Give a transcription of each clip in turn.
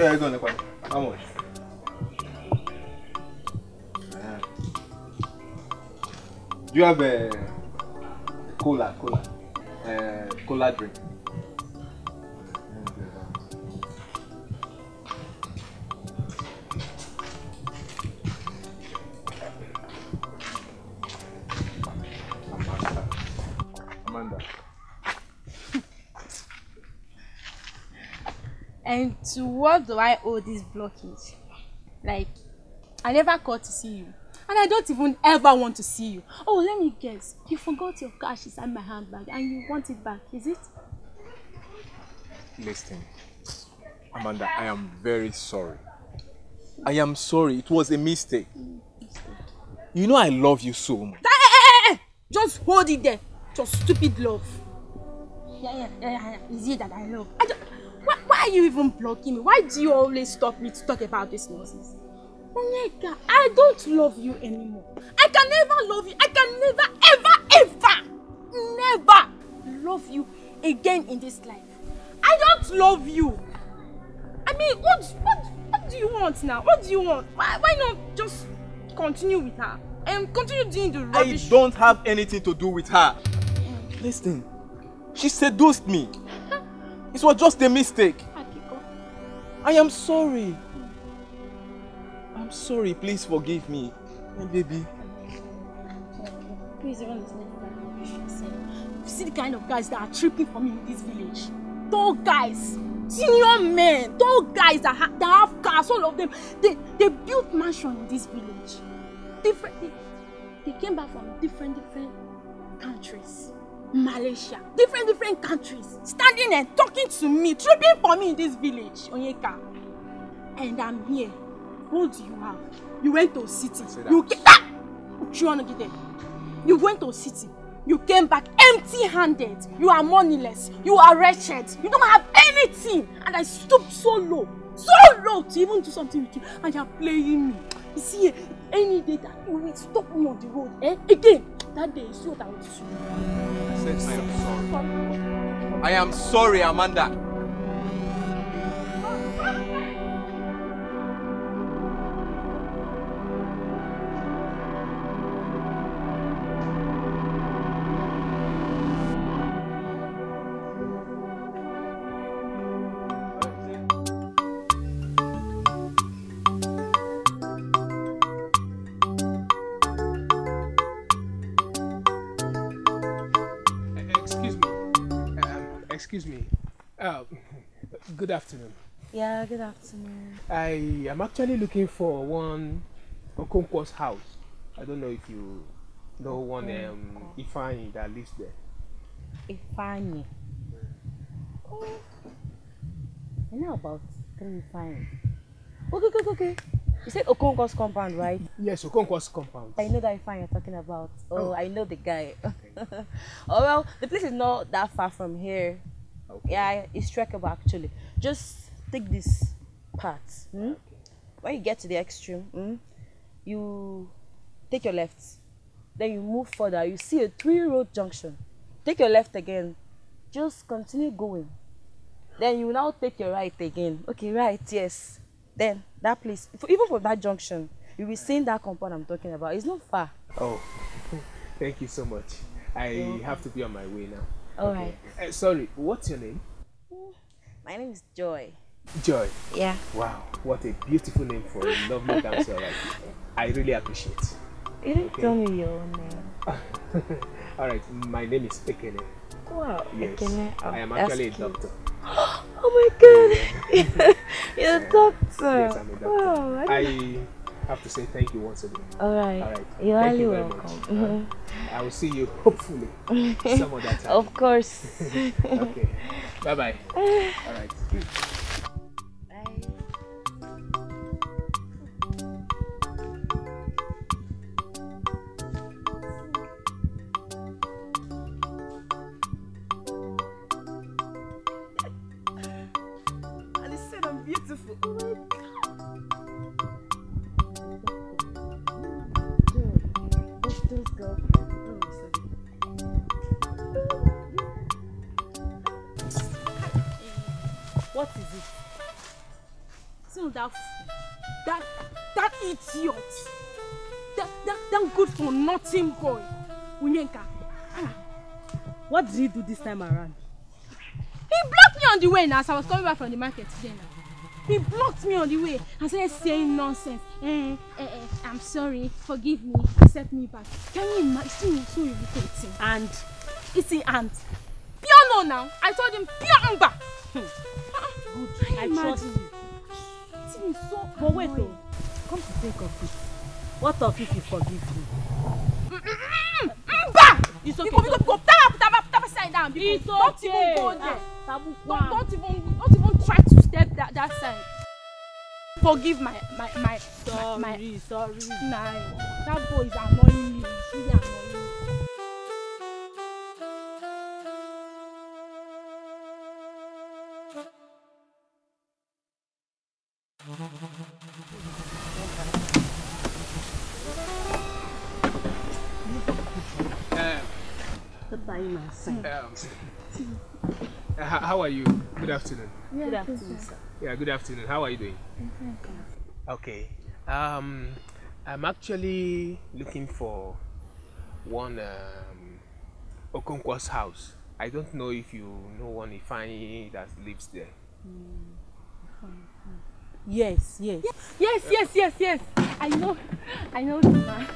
Yeah, go on, go on. How much? Do you have a eh, cola, cola, uh, cola drink? to what do I owe this blockage? Like, I never called to see you. And I don't even ever want to see you. Oh, let me guess. You forgot your cash inside my handbag and you want it back, is it? Listen, Amanda, I am very sorry. I am sorry. It was a mistake. mistake. You know I love you so much. Hey, hey, hey, Just hold it there. Your stupid love. Yeah, yeah, yeah, yeah. Is it that I love? I why are you even blocking me? Why do you always stop me to talk about this nonsense? Onyeka, I don't love you anymore. I can never love you. I can never, ever, ever, never love you again in this life. I don't love you. I mean, what, what, what do you want now? What do you want? Why, why not just continue with her? And um, continue doing the rubbish. I don't have anything to do with her. Listen, she seduced me. it was just a mistake. I am sorry. I'm sorry. Please forgive me. My baby. Please don't listen You see the kind of guys that are tripping for me in this village. Tall guys, senior men, tall guys that, ha that have cars, all of them. They, they built mansion in this village. Different, they, they came back from different, different countries. Malaysia, different different countries, standing and talking to me, tripping for me in this village, Onyeka. And I'm here. What do you have? You went to city. You ah! get Ah! You went to city. You came back empty-handed. You are moneyless. You are wretched. You don't have anything. And I stooped so low, so low to even do something with you. And you are playing me. You see, any day that you will stop me on the road, eh? Again, That day is you that will sue. I said I am sorry. I am sorry, Amanda. good afternoon. Yeah, good afternoon. I am actually looking for one Okonkwo's house. I don't know if you know one um, Ifani that lives there. Ifani? Oh. You know about three Ifani? Okay, okay, okay. You said Okonkwo's compound, right? Yes, Okonkwo's compound. I know that Ifani you're talking about. Oh, oh. I know the guy. oh well, the place is not that far from here. Okay. Yeah, it's trackable actually just take this part. Mm? When you get to the extreme, mm, you take your left. Then you move further. You see a three-road junction. Take your left again. Just continue going. Then you now take your right again. Okay, right, yes. Then that place, even for that junction, you'll be seeing that compound I'm talking about. It's not far. Oh, thank you so much. I have to be on my way now. All okay. right. uh, sorry, what's your name? My name is Joy. Joy. Yeah. Wow, what a beautiful name for a lovely dancer. Like, I really appreciate. You didn't okay. tell me your own name. All right, my name is Ekene. Wow. Yes. Ekene. I am actually a doctor. oh my god! You're a doctor. Yes, I'm a doctor. Wow, I, I have to say thank you once again. All right. All right. You're thank highly you welcome. Mm -hmm. right. I will see you hopefully some other time. Of course. okay. Bye bye. All right. this time around. He blocked me on the way now as I was coming back from the market today now. He blocked me on the way and started saying nonsense. Eh, eh, eh, I'm sorry, forgive me, accept me back. Can you imagine? It's so irritating. And it's an aunt. Pure no now. I told him, pure umba. Hmm. Ah, Good. Can you I imagine? trust you. It's been so But wait though. Oh. Come to think of it. What of if he forgives me? Mm, mm, mm, mm, mba! It's okay. Because, because, because, side down because it's don't even go there. Ah, don't, don't even don't even try to step that, that side. Forgive my my my sorry, my, Sorry, sorry. Nah, that boy is annoying me. She really annoying me. Mm-hmm. Um, how are you? Good afternoon. Yeah, good afternoon, sir. Yeah, good afternoon. How are you doing? Okay. Um, I'm actually looking for one um, Okonkwo's house. I don't know if you know one Ifani that lives there. Mm. Yes, yes. Yes, yes, yes, yes. I know. I know the man.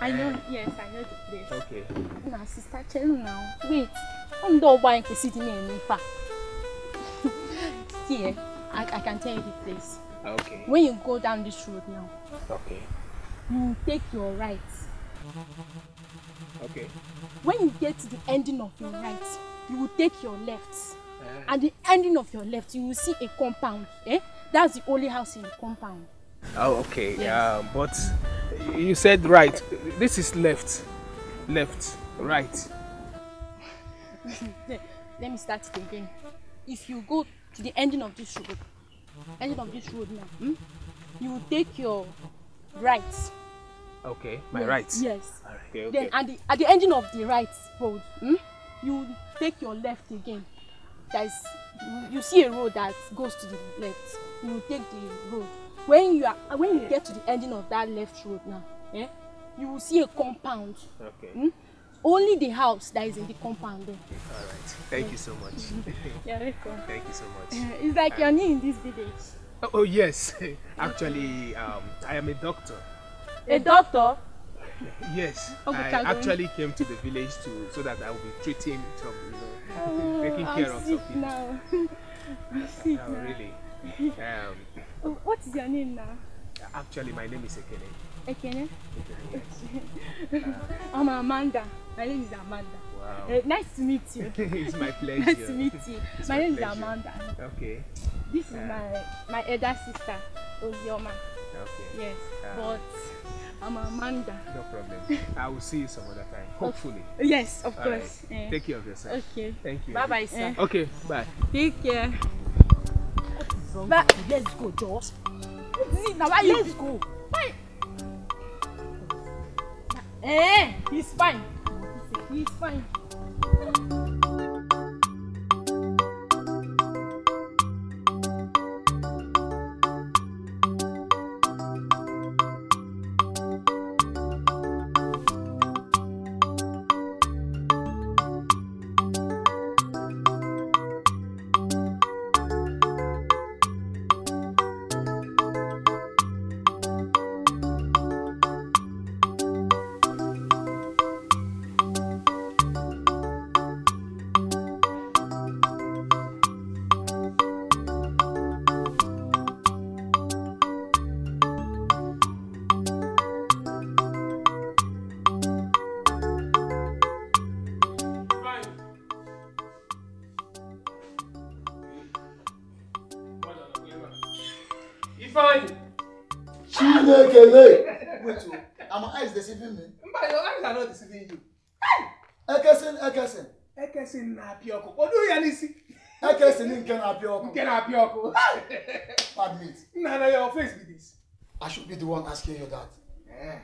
I know. Yes, I know the place. Okay. Now, sister, tell now. Wait. I'm not buying city name in Nifa. Here, I, I can tell you the place. Okay. When you go down this road now. Okay. You take your right. Okay. When you get to the ending of your right, you will take your left. Uh, the ending of your left, you will see a compound. Eh? That's the only house in the compound. Oh, okay. Yes. but you said right. This is left. Left. Right. Let me start it again. If you go to the ending of this road, ending of this road now, hmm? you will take your right. Okay, my yes, right. Yes. Okay, okay. Then at the at the ending of the right road, hmm, you take your left again. That is, you see a road that goes to the left you take the road when you are uh, when you get to the ending of that left road now eh you will see a compound okay hmm? only the house that is in the compound all right thank yeah. you so much you're welcome thank you so much it's like um, you're new in this village oh, oh yes actually um i am a doctor a doctor yes okay, i actually came to the village to so that i will be treating some you know oh, taking i care of some people now. i see sick oh, now. really um, oh, what is your name now? Actually, my name is Ekene. Ekene? yes. I'm Amanda. My name is Amanda. Wow. Uh, nice to meet you. it's my pleasure. Nice to meet you. It's my, my name pleasure. is Amanda. Okay. This is uh, my my elder sister, Ozioma. Okay. Yes. Uh, but I'm Amanda. No problem. I will see you some other time. Hopefully. Of, yes, of All course. Right. Eh. Take care of yourself. Okay. Thank you. Bye bye, sir. Okay, bye. Take care. drunk. let's go, Josh. Now why you? Let's go. Fine. Eh, he's fine. He's fine. fine. Chinekele. Wait, oh, am I eyes deceiving me? Mba, your eyes are not deceiving you. Ekesin, Ekesin. Ekesin na-apịa ọkụ. Kpọdụrụ ya n'isi. Ekesin nke na-apịa Nke na-apịa ọkụ. Admit. Nna na your face be this. I should be the one asking you that. Yeah.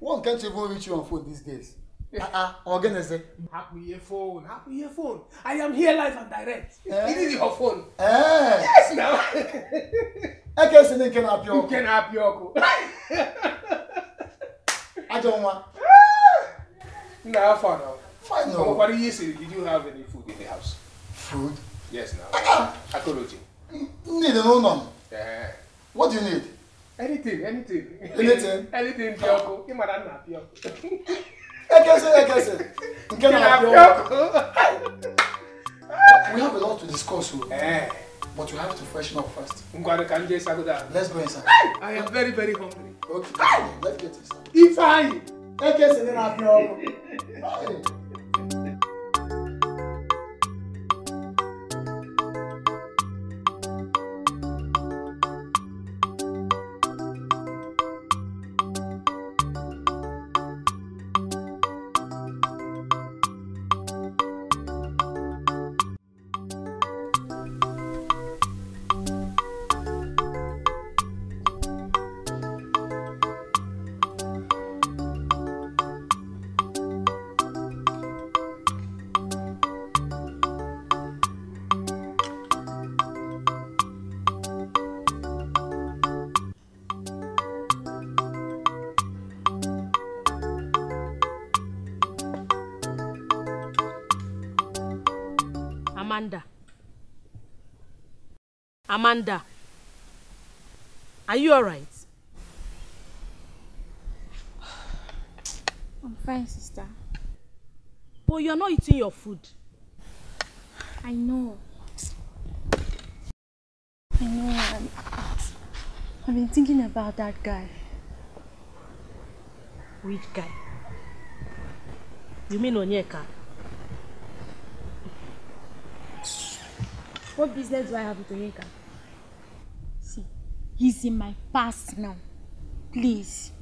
One can't even reach you on phone these days. Uh-uh, ah, ah, organize. Hapụ ihe phone, hapụ ihe phone. I am here live and direct. Eh? It is your phone. Eh? Yes, now. eke si na nke na-apịa ọkụ nke na-apịa ọkụ ajọ nwa nna afọ na ọkwara ihe esiri did you have any food in the house food yes na akoroji need n'ụlọ m eh. what do you need anything anything anything anything dị ọkụ ịmara nna apịa ọkụ ekesi ekesi nke na we have a lot to discuss o. Oh. Eh. But you have to freshen up first. Let's go inside. I am very, very hungry. Okay, let's get inside. Ifeanyi, ẹ kẹ́sì nínú abẹ́ Amanda, are you alright? I'm fine, sister. But you're not eating your food. I know. I know. i have been thinking about that guy. Which guy? You mean Onyeka? What business do I have with Onyeka? He's in my past now. Please.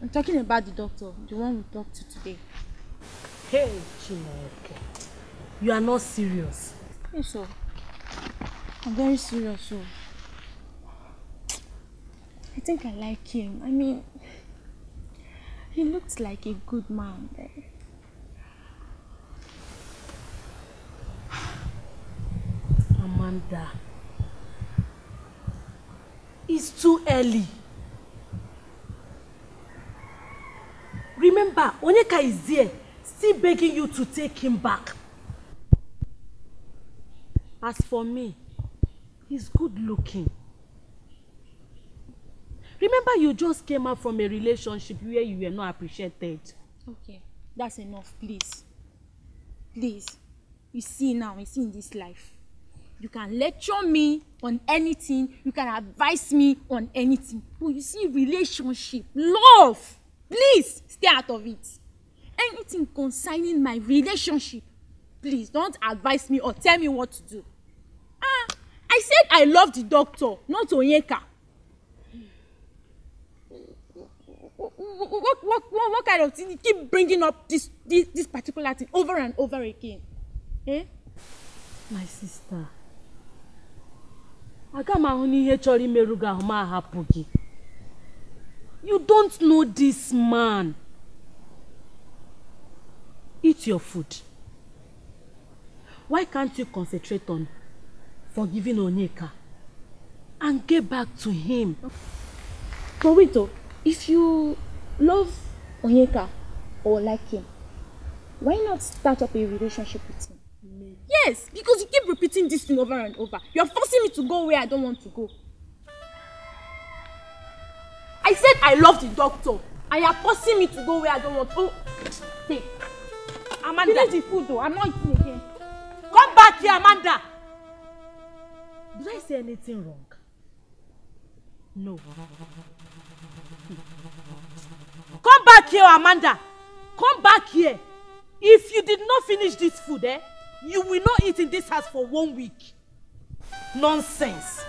I'm talking about the doctor, the one we talked to today. Hey, Chineke. You are not serious. Yes, sir. I'm very serious, sir. I think I like him. I mean, he looks like a good man there. Eh? Amanda. It's too early. Remember, Onyeka is there, still begging you to take him back. As for me, he's good looking. Remember, you just came out from a relationship where you were not appreciated. Okay, that's enough, please. Please, you see now, you see in this life. You can lecture me on anything. You can advise me on anything. But you see, relationship, love, please stay out of it. Anything concerning my relationship, please don't advise me or tell me what to do. Ah, I said I love the doctor, not Onyeka. What, what, what, what kind of thing you keep bringing up this, this, this particular thing over and over again? Eh? My sister aga ahụ n'ihe chọrọ imerụ gị ahụ m gị you don't know this man eat your food why can't you concentrate on forgiving Onyeka and get back to him but oh if you love Onyeka or like him why not start up a relationship with him Yes, because you keep repeating this thing over and over. You are forcing me to go where I don't want to go. I said I love the doctor and you are forcing me to go where I don't want to. Oh, Amanda. Finish the food though. I'm not eating again. Come back here, Amanda. Did I say anything wrong? No. Come back here, Amanda. Come back here. If you did not finish this food, eh? you will not eat in this house for one week nonsense.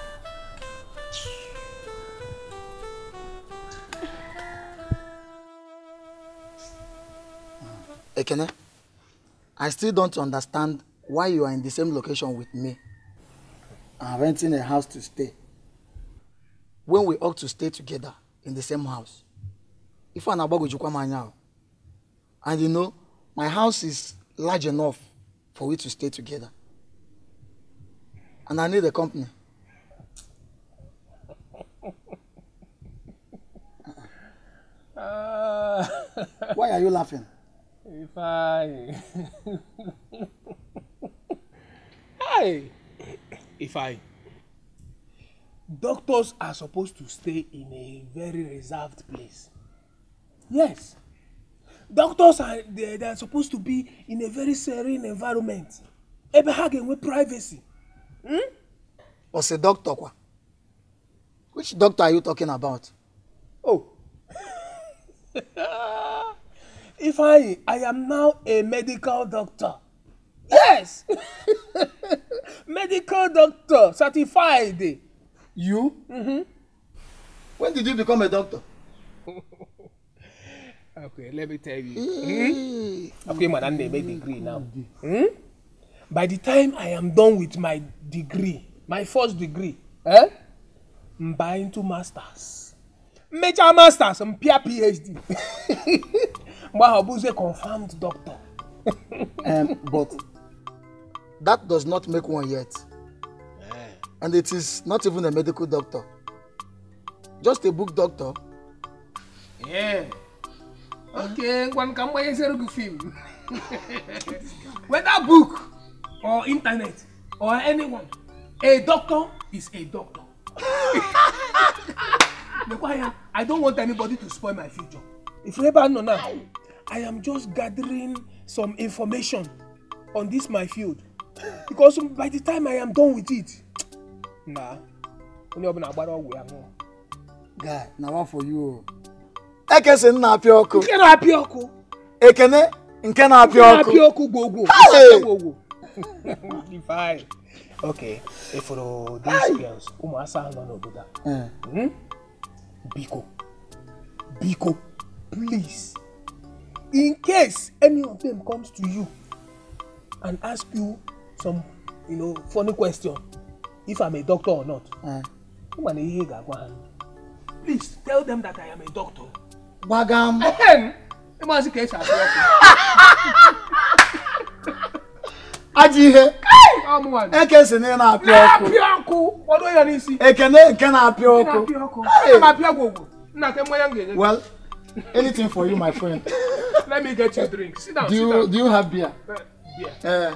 Ekene, I still don't understand why you are in the same location with me. I'm renting a house to stay. When we ought to stay together in the same house. If I'm And you know, my house is large enough for we to stay together. And I need a company. Uh, Why are you laughing? If I. Hi! If I. Doctors are supposed to stay in a very reserved place. Yes doctors are they, they are supposed to be in a very serene environment ebe ha ga with privacy hmm? ọ a doctor kwa which doctor are you talking about oh if i i am now a medical doctor yes medical doctor certified you mm when did you become a doctor Okay, let me tell you. Mm. Okay, madam, they is degree now. Mm? Hmm? By the time I am done with my degree, my first degree, eh? I'm buying two masters. Major masters, I'm peer PhD. Mwahabu's a confirmed doctor. um, but that does not make one yet. Yeah. And it is not even a medical doctor. Just a book doctor. Yeah. Okay, one can buy a good film. Whether book or internet or anyone, a doctor is a doctor. I don't want anybody to spoil my future. If you ever know now, I am just gathering some information on this my field. Because by the time I am done with it, nah. Only up we are Guy, now what for you ekesi m na-apịa ọkụ nke na-apịa ọkụ ekene nke na-apịa ọkụ na-apịa ọkụ gwogwo gwogwo ok eforo these girls ụmụ asaa nọ n'obodo a hmm. Hmm? biko biko please in case any of them comes to you and ask you some you know, funny question if i'm a doctor or not ụmụ hmm. na ihe ị ga-agwa please tell them that i am a doctor Gbagam. Ẹ máa sì kẹ́ ìṣàfihàn ọkọ. Aji ihe. Eke si na ị na-apịa ọkụ. Na-apịa ọkụ. Ọdụ ya n'isi. Ekene nke na-apịa ọkụ. na ma apịa gwogwo. Nna ke mmanya m ga-enye. Well, anything for you my friend. Let me get you a drink. Sit down, do you, sit down. Do you have beer? Uh, beer. Uh,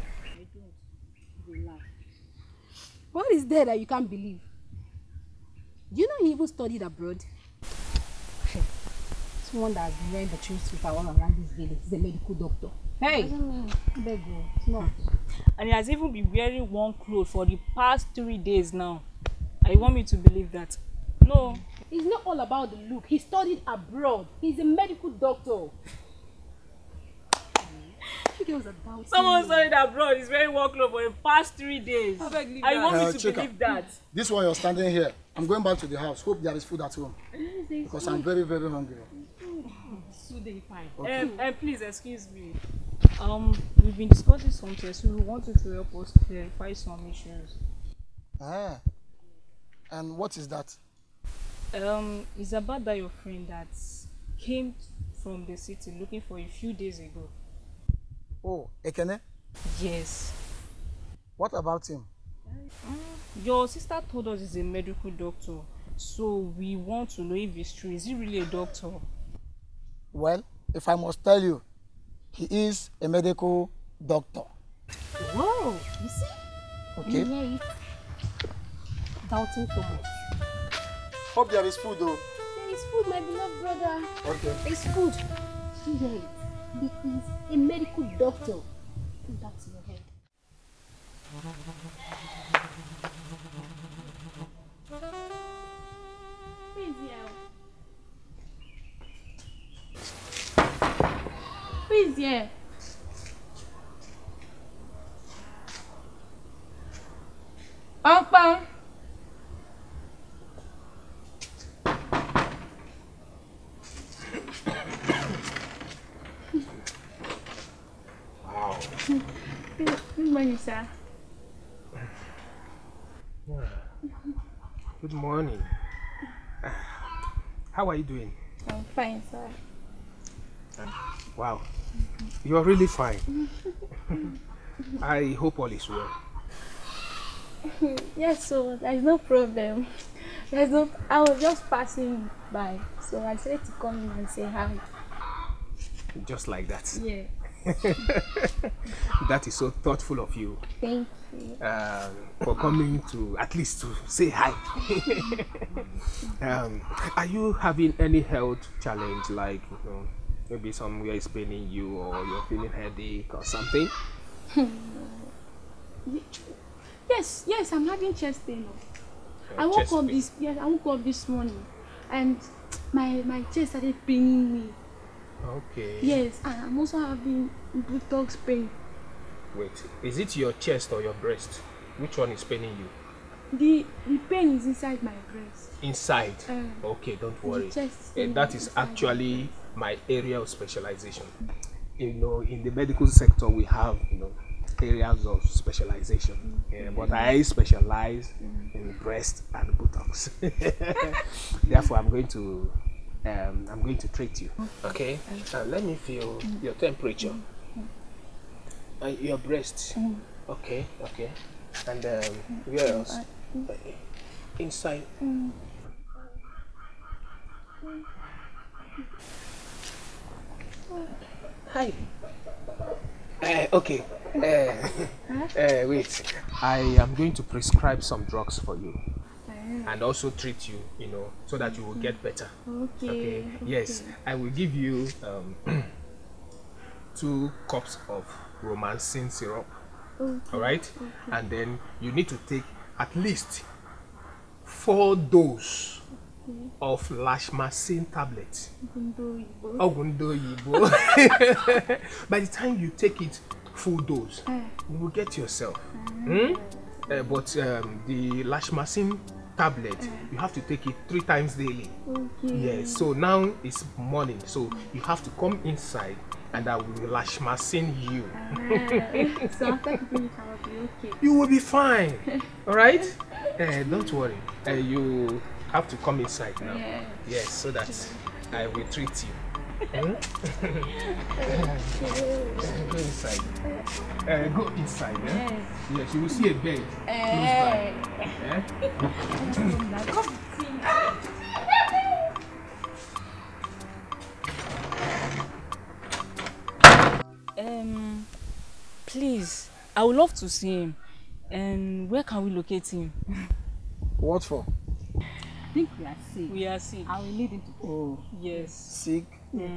What is there that you can't believe? Do you know he even studied abroad? Someone that has wearing the truth paper all around this village is a medical doctor. Hey! Bego, no. And he has even been wearing one clothes for the past three days now. I want me to believe that. No. It's not all about the look. He studied abroad. He's a medical doctor girls about someone studied abroad is very well clothes for the past three days i want uh, to believe that this one you're standing here i'm going back to the house hope there is food at home because i'm very very hungry today fine And um, um, please excuse me um we've been discussing some things so we wanted to help us clarify some issues ah and what is that um it's about that your friend that came from the city looking for a few days ago Oh, Ekene? Yes. What about him? Mm, your sister told us he's a medical doctor. So we want to know if it's true. Is he really a doctor? Well, if I must tell you, he is a medical doctor. Whoa, you see? Okay. Yeah, doubting so much. Hope there is food though. There is food, my beloved brother. Okay. There is food. Yeah. He is a medical doctor. Put that in your head. Where is here? Who is here? Ọ̀pọ̀. Manisa. Good morning. How are you doing? I'm fine, sir. Wow. You're really fine. I hope all is well. yes, so there's no problem. There's no I was just passing by, so I decided to come in and say hi. Just like that. Yeah. that is so thoughtful of you. Thank you. Um, for coming to at least to say hi. um, are you having any health challenge like you know maybe somewhere is paining you or you're feeling headache or something? yes, yes, I'm having chest pain. Uh, I woke up pain. this yes, I woke up this morning and my my chest started paining me. Okay. Yes, I'm also having buttocks pain. Wait, is it your chest or your breast? Which one is paining you? The the pain is inside my breast. Inside. Um, okay, don't worry. Chest eh, And that is actually my area of specialization. You know, in the medical sector, we have you know areas of specialization. Eh, mm -hmm. yeah, but I specialize mm -hmm. in breast and buttocks. Therefore, I'm going to um, I'm going to treat you. Okay. Uh, let me feel mm. your temperature. Mm. Uh, your breast. Mm. Okay, okay. And um, where else? Uh, inside. Hi. Uh, okay. Uh, uh, wait. I am going to prescribe some drugs for you and also treat you, you know, so that you will get better. Okay. okay. Yes, I will give you um, two cups of romancin syrup. Okay. All right, and then you need to take at least four doses of lashmacin tablet. Ogundo Yibo. By the time you take it full dose, eh. you will get yourself. Ah. Hmm? Uh, but um, the lashmacin tablet, you have to take it three times daily. Okay. Yes. So now it's morning, so you have to come inside and I will lashmasin you. Uh, so after eating it, I will be okay. You will be fine. All right? Uh, don't worry. Uh, you have to come inside now. yes so that I will treat you. go inside. Uh, go inside. Eh? eh. Yes. Yeah, she will see a bed. Hey. Eh. eh? Um, please, I would love to see him. And um, where can we locate him? What for? I think we are sick. We are sick. I will lead him to. Oh. Yes. Sick. Yes.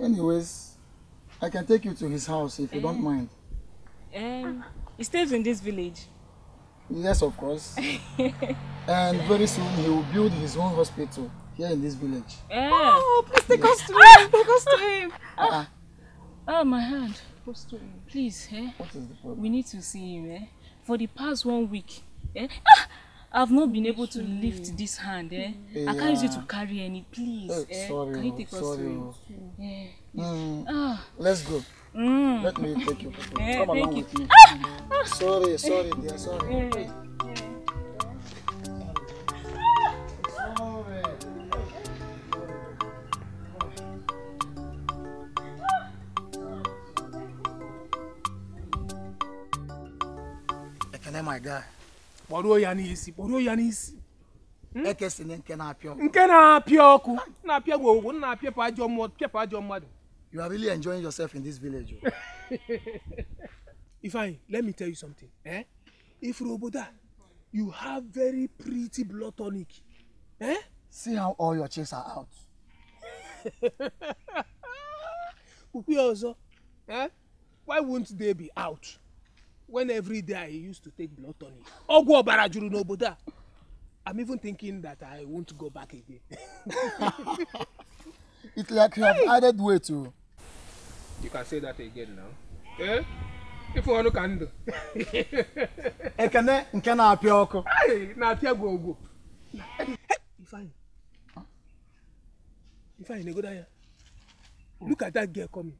Anyways, I can take you to his house if you don't eh. mind. Um, he stays in this village. Yes, of course. and very soon he will build his own hospital here in this village. Eh. Oh, please take us to him. Take us to him. Oh, my hand. Please, eh? What is the problem? We need to see him, eh? For the past one week, eh? I've not been able to lift this hand. Eh? Yeah. I can't use it to carry any. Please, oh, eh? sorry, can you oh, take sorry. us to? Oh. Yeah. Mm. Ah. Let's go. Mm. Let me take you. Eh, Come along with me. Ah! ah. Sorry, sorry, dear, sorry. Yeah. kpọrọ ya n'isi kpọrọ ya n'isi hmm? ekesi nke na-apịa ọkụ nke na-apịa ọkụ na-apịa gwa na-apịa pa ajọ mmụọ pịapụ ajọ mmadụ you are really enjoying yourself in this village oh. ifeanyi let me tell you something eh? If Roboda, you have very pretty blood tonic eh? see how all your chicks are out kpukpe ọzọ eh? why won't they be out when every day i used to take blood tonic ọgwụ ọbara juru n'obodo a i'm even thinking that i won't go back again. it's like you have added weight o. Oh. you can say that again now. Eh? ife ọnụ ka ndụ. ekene nke na-apịa ọkụ. na-apịa gwogwo. ifeanyi ifeanyi negoda ya hmm. look at that girl coming.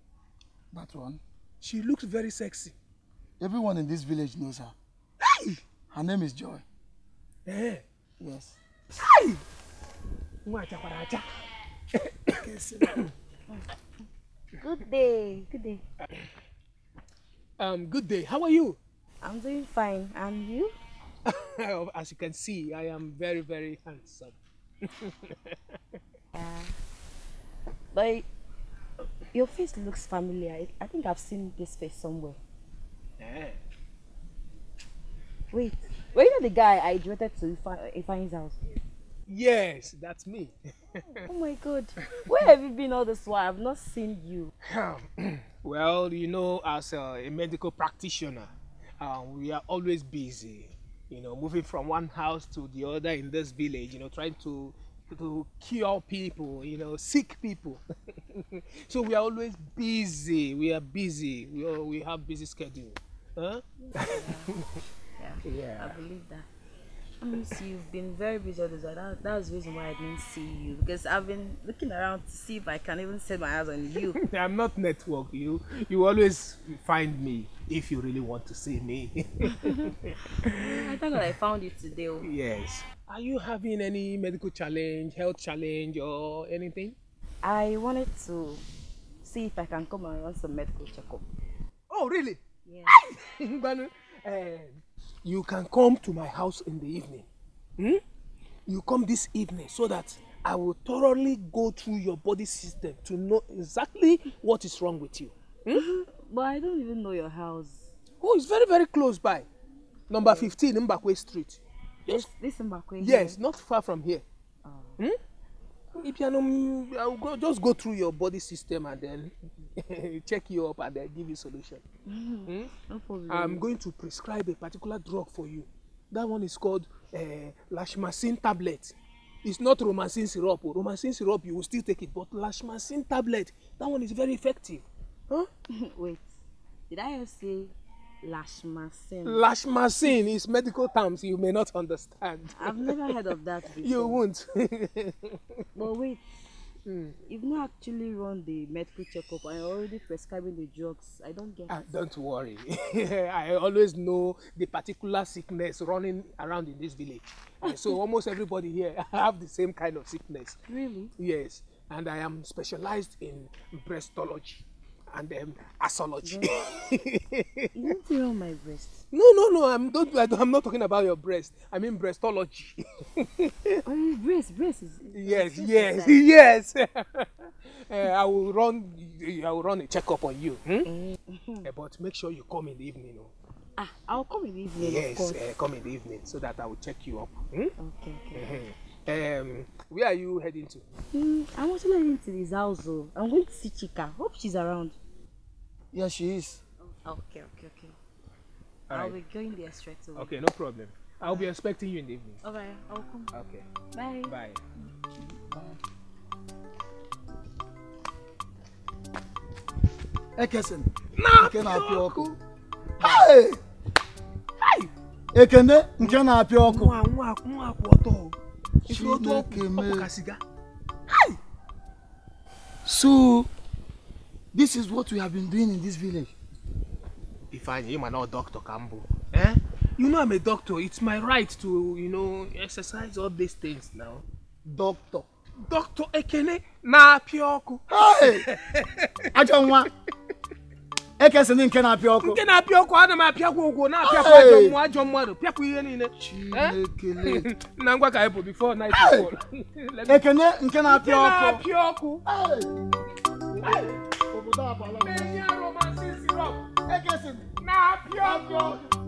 that one. she looks very sexy. Everyone in this village knows her. Hey! Her name is Joy. Hey! Eh? Yes. Hey! good day. Good day. Um, good day. How are you? I'm doing fine. And you? As you can see, I am very, very handsome. yeah. But your face looks familiar. I think I've seen this face somewhere. Wait, were you not the guy I directed to his house? Yes, that's me. oh my god, where have you been all this while? I've not seen you. Um, well, you know, as a, a medical practitioner, um, we are always busy. You know, moving from one house to the other in this village. You know, trying to to cure people, you know, sick people. so we are always busy. We are busy. We, are, we have busy schedule. Huh? yeah. yeah. I believe that you. You've been very busy all this That, that was the reason why I didn't see you because I've been looking around to see if I can even set my eyes on you. I'm not network. You you always find me if you really want to see me. I thought I found you today. Oh. Yes. Are you having any medical challenge, health challenge, or anything? I wanted to see if I can come and run some medical checkup. Oh, really? Yeah. uh, you can come to my house in the evening. Hmm? You come this evening so that I will thoroughly go through your body system to know exactly what is wrong with you. Hmm? But I don't even know your house. Oh, it's very, very close by. Number 15, Mbakwe Street. Yes. this, this Mbakwe? Yes, here? not far from here. Oh. Hmm? If you know, I'll go, just go through your body system and then check you up and then give you solution. Mm. I'm going to prescribe a particular drug for you. That one is called uh, eh, Lashmacin tablet. It's not romancin syrup. Romancin syrup, you will still take it. But Lashmacin tablet, that one is very effective. Huh? Wait, did I just say Lashmacin? Lashmacin is medical terms you may not understand. I've never heard of that before. You won't. but wait, Mm. You've not actually run the medical checkup. i already prescribing the drugs. I don't get. Ah, don't worry. I always know the particular sickness running around in this village. so almost everybody here have the same kind of sickness. Really? Yes. And I am specialized in breastology and um, astrology. you feel my breast. No, no, no. I'm not. I'm not talking about your breast. I mean breastology. oh, breast, breast is. Yes, yes, yes. uh, I will run. I will run a checkup on you. Hmm? Mm -hmm. Uh, but make sure you come in the evening. Oh. Ah, I'll come in the evening. Yes, uh, come in the evening so that I will check you up. Hmm? Okay. okay. Mm -hmm. Um, where are you heading to? Mm, I'm also heading to this house. Though. I'm going to see Chika. Hope she's around. Yeah, she is. Okay, okay, okay. All I'll right. be going there straight away. Okay, no problem. I'll be expecting you in the evening. All right, I'll come. Okay. Bye. Bye. Ekesen. Nke na-apịa ọkụ. Ekene nke na-apịa ọkụ. Nwa nwa nwa akwụ ọtọ. Chineke mee. Ọ bụ ka siga. So this is what we have been doing in this village. If I am not Dr. Kambo, eh? You know I'm a doctor. It's my right to, you know, exercise all these things now. Doctor. Doctor Ekene na apioku. Hey! Ajonwa. Ekene nke na apioku. Nke na apioku ana ma apiaku ogwo na apiaku ajo mu ajo mmaru. ihe niile. Ekene. Eh? Na ngwa ka ipo before night fall. Ekene nke na apioku. Na apioku. Hey! hey. May mere romances Europe. Now, pure gold.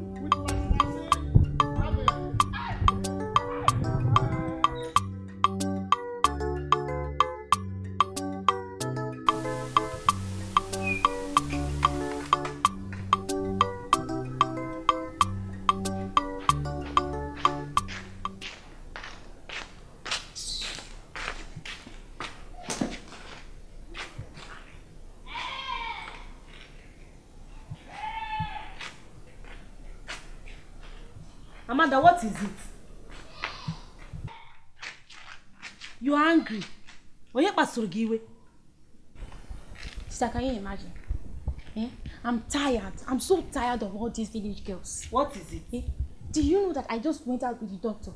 asụrụ gị iwe sister can you imagine eh? i'm tired i'm so tired of all these village girls what is it eh? do you know that i just went out with the doctor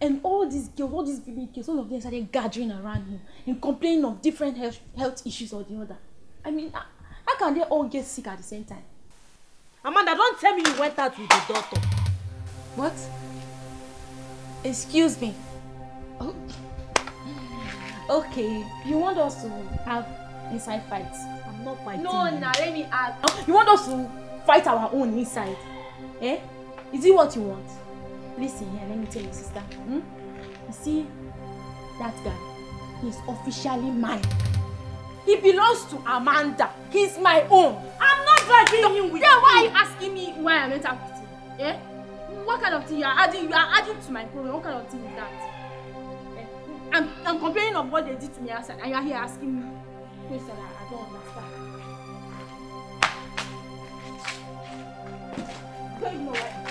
and all these girls all these village girls all of them started gathering around him and complaining of different health health issues or the other i mean how, how can they all get sick at the same time amanda don't tell me you went out with the doctor what excuse me oh. Okay. You want us to have inside fights? I'm not fighting. No, now let me ask. You want us to fight our own inside? Eh? Is it what you want? Listen here, let me tell you, sister. Hmm? You see, that guy, he is officially mine. He belongs to Amanda. He's my own. I'm not dragging so, him with Then why are you asking me why I went out with him? Eh? What kind of thing you are adding? You are adding to my problem. What kind of thing is that? I'm, I'm complaining of what they did to me outside, and you're here asking me questions I, I don't understand. Don't you know what?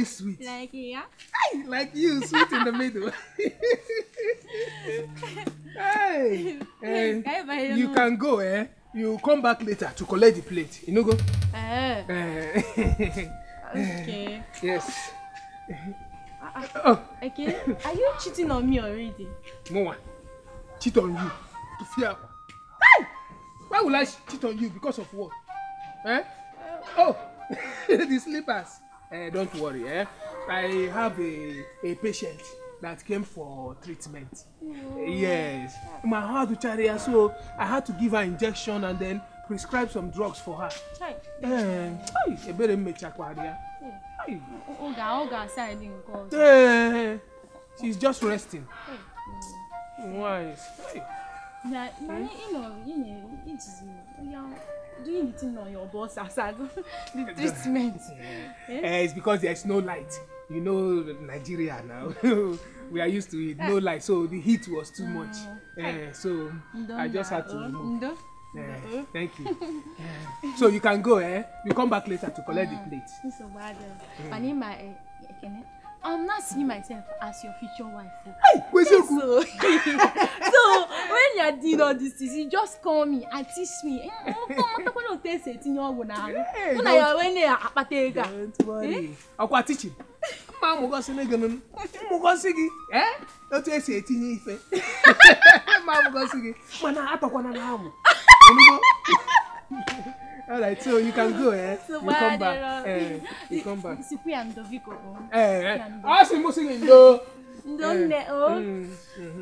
very sweet. Like yeah. Hey, like you, sweet in the middle. hey, hey, eh, you can go, eh? You come back later to collect the plate. You know go. Uh, okay. Yes. Uh, Okay. Are you cheating on me already? one. cheat on you to fear. Hey! Why will I cheat on you because of what? Eh? Uh, oh, the slippers uh, don't worry. Eh? I have a, a patient that came for treatment. Mm. Yes. My heart to carry her, so I had to give her injection and then prescribe some drugs for her. hey, ebere eh, mmecha kwa ya. Hey. Oga, oga Hey, she's just resting. Hey. Hmm. Wise. Hey. Yeah, money, doing anything on your boss outside the treatment. Yeah. Yeah? Uh, it's because there's no light. You know Nigeria now. we are used to it. No ah. light. So the heat was too ah. much. Uh, so I just had to oh, remove. Eh, thank you. so you can go, eh? You come back later to collect the plate. So bad. My name is Ekene. I'm not seeing myself as your future wife. Hey, yes, so, oh. so when you are doing all this, you just call me and teach me. Eh, don't worry. Akwa teaching. Mma amụgọsị gị mmụgọsị gị ee otu esi etinye ife mma amụgọsị gị mana atọkwana na amụ all right so you can go eh so you come back eh you come back sikwi and doviko eh eh asi musi ndo ndo nne o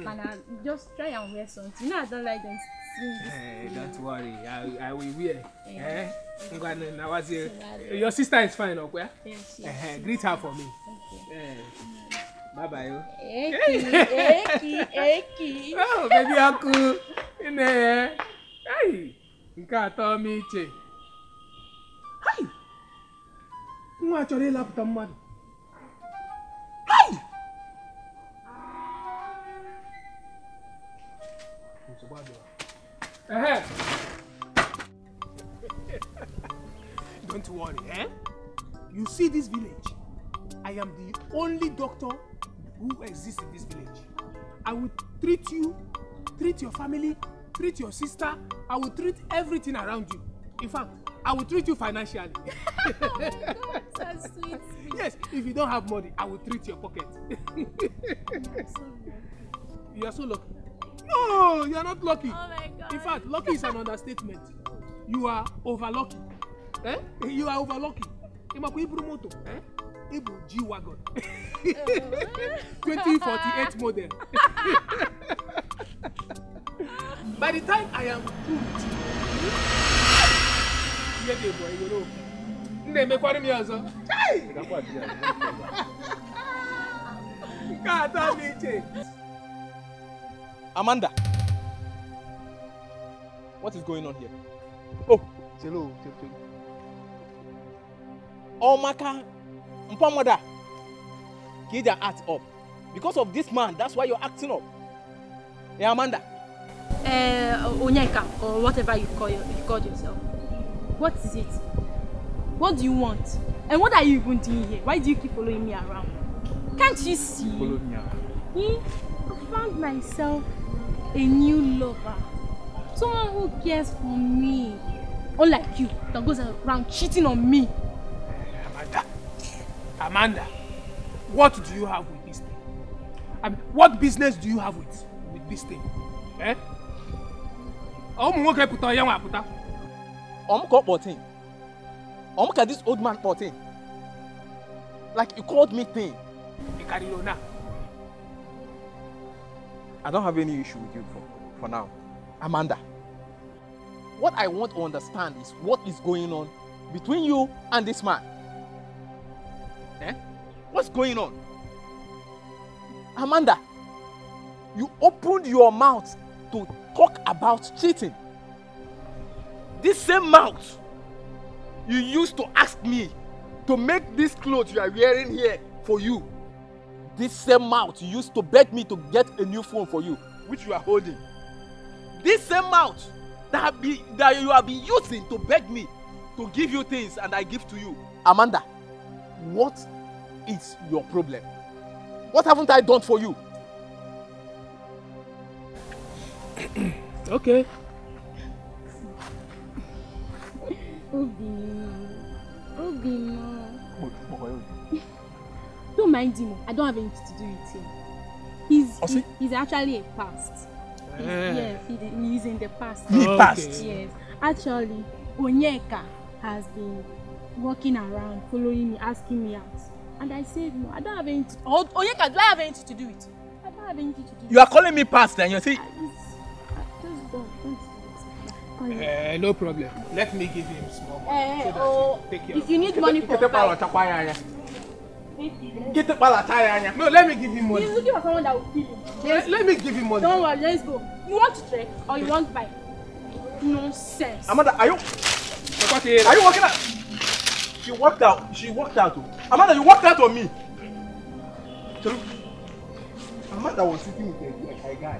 mana just try and wear something you know i don't like them Hey, eh, don't worry, I, I will wear. Eh? Yeah. Eh? Your sister is fine, okay? Yes, yes, yes. Eh, eh, greet her for me. Okay. Yeah. Bye bye. Oh. Eki, Eki, Eki. Oh, baby, Aku. In there. Hey. you. atọ m iche nwa chọrọ ịlapụta mmadụ Don't worry, eh? You see this village? I am the only doctor who exists in this village. I will treat you, treat your family treat your sister i will treat everything around you in fact i will treat you financially. oh God, so sweet. yes if you don't have money i will treat your pocket. you are so lucky. no you are not lucky. oh my God. in fact lucky is an understatement you are over lucky. eh? you are over lucky. mọ̀ pé ibùdó mọ́tò eh? ibu g-wagon twenty forty eight model by the time i am cooked ihe ga-ebu eyere ofu m na-emekwara m ya ọzọ nke atọ m iche amanda what is going on here oh Hello. chelo chelo maka mpọmọda ka your ji act up because of this man that's why you're acting up Yeah, amanda uh, or whatever you call your, you called yourself. What is it? What do you want? And what are you even doing here? Why do you keep following me around? Can't you see? Follow me around. I found myself a new lover. Someone who cares for me. Unlike you, that goes around cheating on me. Amanda. Amanda, what do you have with this thing? I mean, what business do you have with, with this thing? Eh? ụmụ nwoke pụta ya nwa apụta ọm ka ọ kpọtin ọm ka this old man kpọtin like he called me thing I don't have any issue with you for, for now Amanda what I want to understand is what is going on between you and this man eh? what's going on Amanda you opened your mouth to talk about cheating, this same mouth you used to ask me to make this clothes you are wearing here for you, this same mouth you used to beg me to get a new phone for you, which you are holding, this same mouth that, be, that you have been using to beg me to give you things and I give to you. Amanda, what is your problem? What haven't I done for you? okay. Don't mind him. I don't have anything to do with him. He's, oh, he's actually a past. He's, yeah. Yes, he, he's in the past. The okay. past? Yes. Actually, Onyeka has been walking around, following me, asking me out. And I said, no, I don't have anything. Onyeka, do I have anything to do with you? I don't have anything to do with you. You are calling me past then you see. Uh, no problem. Let me give him small money. Uh, so oh, take care if you need money for fight. Get the ball palataya. No, let me give him money. He's looking for someone that will kill him. Let, let me give him money. Don't worry, let's go. You want to trek or you want to buy? Nonsense. Amanda, are you? Are you working out? She worked out. She worked out. Oh. Amanda, you worked out on me. Amanda was sitting with a guy.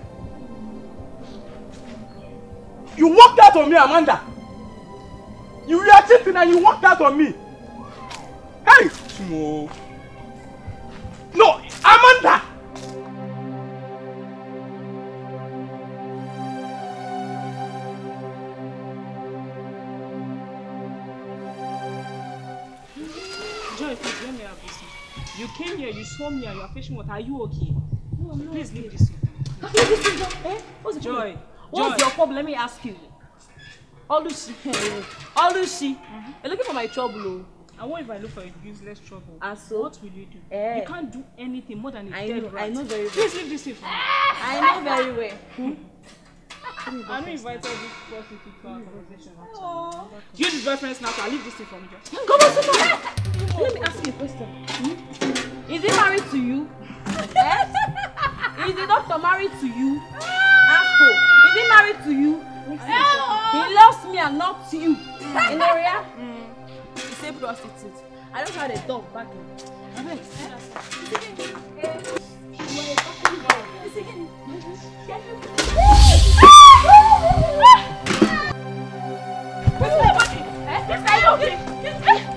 You walked out on me, Amanda. You were cheating and you walked out on me. Hey! No. No, Amanda! Joy, let me have this You came here, you swam here, you are fishing water. Are you okay? No, I'm not Please okay. leave this one. Leave this one. Eh? What's the Joy. Problem? What's your problem? Let me ask you. Olushi. Eh, Olushi. Mm-hmm. You're looking for my trouble. oh. And what if I look for a useless trouble? And ah, so, what will you do? Eh. You can't do anything more than a I dead know, rat. I know very well. Please leave this here for me. I know very well. Hmm? I know invited this person to our conversation. Oh. Use his boyfriend snapper. I'll leave this thing for me. Just. Come on, Super. Let me ask you a question. Hmm? Is he married to you? yes? Eh? Is the doctor married to you? Asshole. Is he married to you? Hello. He loves me and not you. Ilaria, he's a prostitute. I just had a dog back there. Hey! Hey! Hey!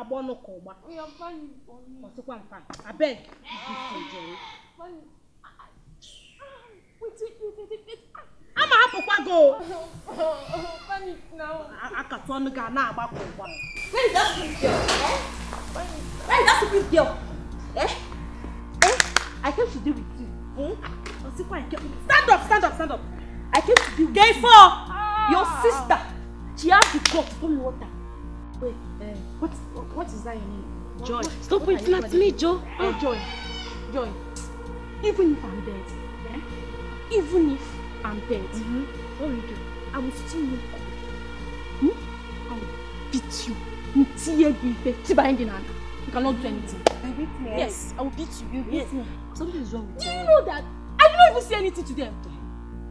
agbọ no kọ gba ọsịkwa mfa abeg eh, ama hapụkwa gị o akatụ ọnụ gị a na-agbakọ ụgba Where is that stupid girl? Eh? Where is that stupid girl? Eh? Eh? I came to deal with you. Hmm? Ọsịkwa nke stand up stand up stand up. I came to deal with you. Therefore, your sister, she has the guts to tell me what Wait. What, what is that your name? Joy. What, Stop pointing at me, Joy. Oh, ah. Joy. Joy. Even if I'm dead, eh? even if I'm dead, mm-hmm. what will you do? I will still look up. Hmm? I will beat you. You cannot do anything. You beat me? Yes, I will beat you. You beat yes. me. Something is wrong with you. Do you know that? I did not even see anything to them.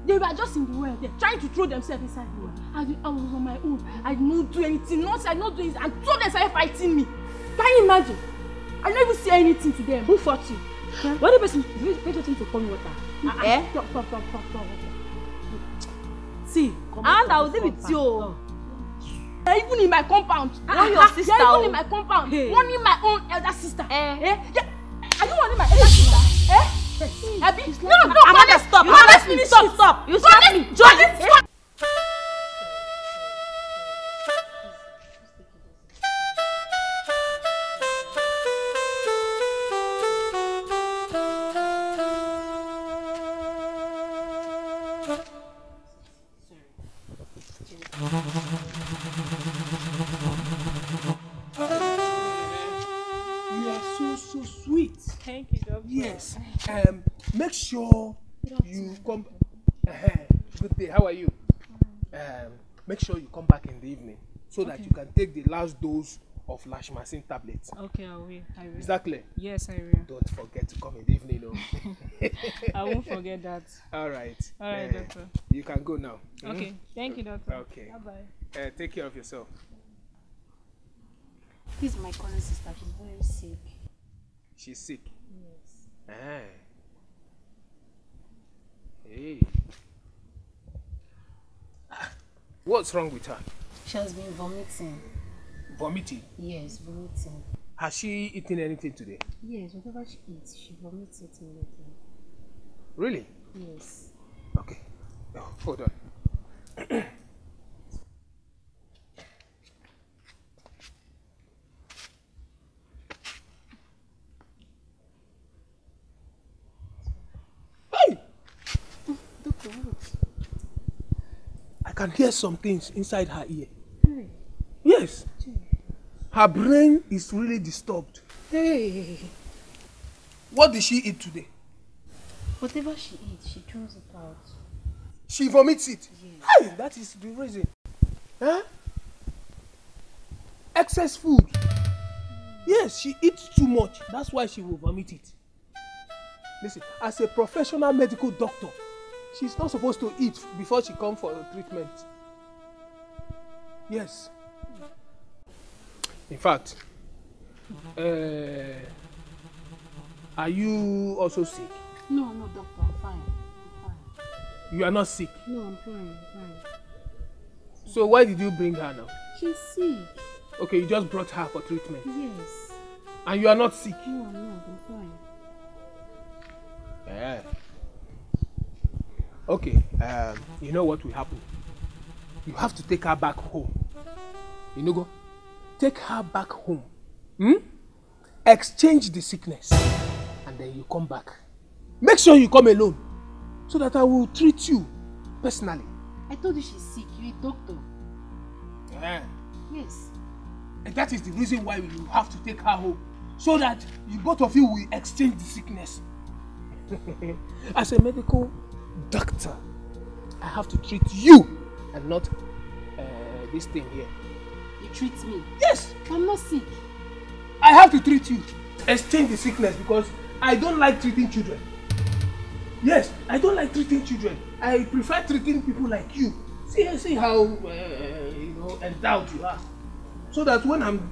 They were just in the well there, trying to throw themselves inside the well. I, I was on my own. I did not do anything. Not I not do anything. And two of them started fighting me. Can you imagine? I never not even say anything to them. Who fought you? Huh? What the person paid attention to call me water? Ah, ah. Eh? Stop, stop, stop, stop, stop. See, and ah, I was there with you. Oh. Even in my compound. One your sister. Yeah, even in my compound. Hey. One in my own elder sister. Eh? eh? Yeah. Are you one in my elder sister? Eh? Yes. Abi, no, no, no, no, stop. You promise me, stop, stop. You stop me. Johnny, stop. bottles of machine tablets. Okay, I will. I will. Is that clear? Yes, I will. Don't forget to come in the evening, though. I won't forget that. All right. All right, uh, doctor. You can go now. Hmm? Okay. Mm? Thank you, doctor. Okay. Bye bye. Uh, take care of yourself. This is my cousin sister. She's very sick. She's sick. Yes. Eh. Ah. Hey. What's wrong with her? She has been vomiting. Vomiting? Yes, vomiting. Has she eaten anything today? Yes, whatever she eats, she vomits it immediately. Really? Yes. Okay. Oh, hold on. I can hear some things inside her ear. Really? Yes. Her brain is really disturbed. Hey. What did she eat today? Whatever she eats, she throws it out. She vomits it? Yes. Hey, that is the reason. Huh? Eh? Excess food. Yes, she eats too much. That's why she will vomit it. Listen, as a professional medical doctor, she's not supposed to eat before she comes for treatment. Yes. In fact, uh, are you also sick? No, no, doctor, I'm fine. You are not sick? No, I'm fine, I'm fine. So why did you bring her now? She's sick. Okay, you just brought her for treatment? Yes. And you are not sick? No, I'm not, I'm fine. Yeah. Okay, um, you know what will happen? You have to take her back home. You know, go. Take her back home. Hmm? Exchange the sickness. And then you come back. Make sure you come alone. So that I will treat you personally. I told you she's sick. You're a doctor. Yeah. Yes. And that is the reason why you have to take her home. So that you, both of you will exchange the sickness. As a medical doctor, I have to treat you and not uh, this thing here. You treat me. Yes. I'm not sick. I have to treat you. Exchange the sickness because I don't like treating children. Yes, I don't like treating children. I prefer treating people like you. See, see how uh, you know endowed you are. So that when I'm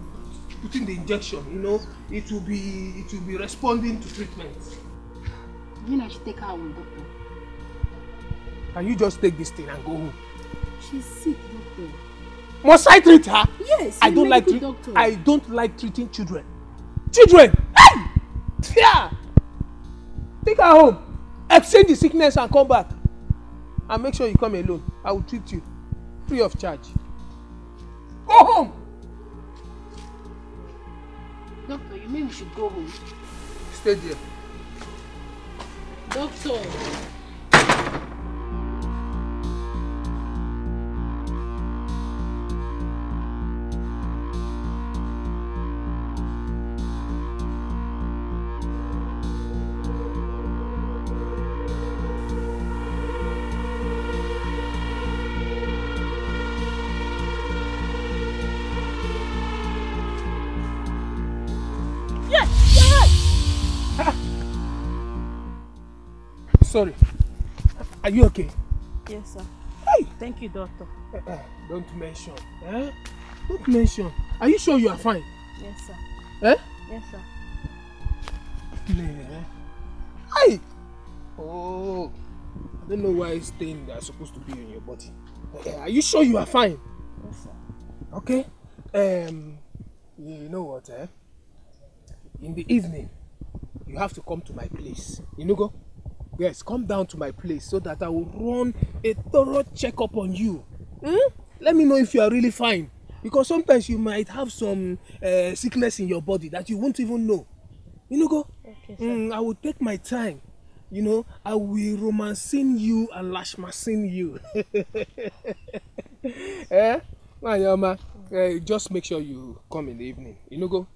putting the injection, you know, it will be it will be responding to treatment. You know, I should take her home, doctor. Can you just take this thing and go home? She's sick, doctor. Must I treat her? Yes. I don't like doctor. I don't like treating children. Children. Hey! Yeah. Take her home. Exchange the sickness and come back. And make sure you come alone. I will treat you free of charge. Go home. Doctor, you mean we should go home? Stay there. Doctor. Are you okay? Yes, sir. Hey. Thank you, doctor. Uh, don't mention. Eh? Don't mention. Are you sure you are fine? Yes, sir. Eh? Yes, sir. Eh? Hey! Oh, I don't know why stain that's supposed to be in your body. Uh, are you sure you are fine? Yes, sir. Okay. Um, you know what, eh? In the evening, you have to come to my place. You know, go? Yes, come down to my place so that I will run a thorough checkup on you. Hmm? Let me know if you are really fine. Because sometimes you might have some uh, sickness in your body that you won't even know. You know, go. Okay, sir. Mm, I will take my time. You know, I will romancing you and lashmasing you. eh? My uh, eh, just make sure you come in the evening. You know, go.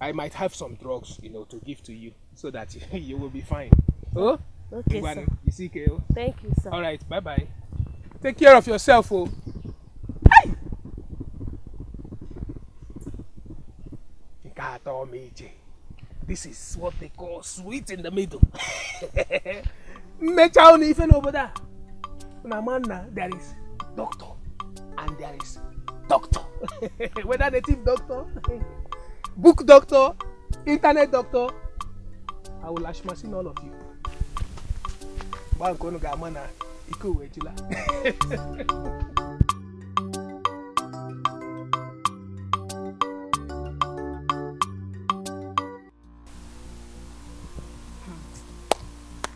I might have some drugs, you know, to give to you so that you will be fine. Huh? Oh? Okay, You sir. Ezekiel. Thank you, sir. All right, bye bye. Take care of yourself, oh. This is what they call sweet in the middle. Mecha on even over there. Namana, there is doctor and there is doctor. Whether native doctor, book doctor, internet doctor, I will lash machine all of you mgba nke ga-ama na ike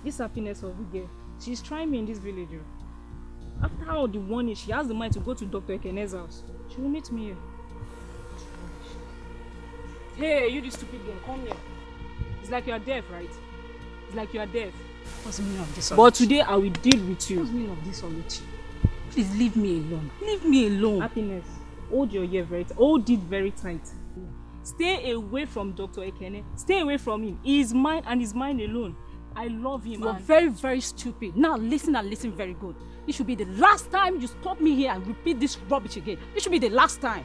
This happiness of Uge, she's trying me in this village. Oh. After all the warning, she has the mind to go to Dr. Ekene's house. She will meet me here. Hey, you the stupid girl, come here. It's like you're deaf, right? like you are deaf. What's the meaning of this? But today I will deal with you. What's the meaning of this, Please leave me alone. Leave me alone. Happiness, hold your ear very tight. Hold it very tight. Stay away from Dr. Ekene. Stay away from him. He is mine and he's mine alone. I love him. You're very, very stupid. Now listen and listen very good. It should be the last time you stop me here and repeat this rubbish again. It should be the last time.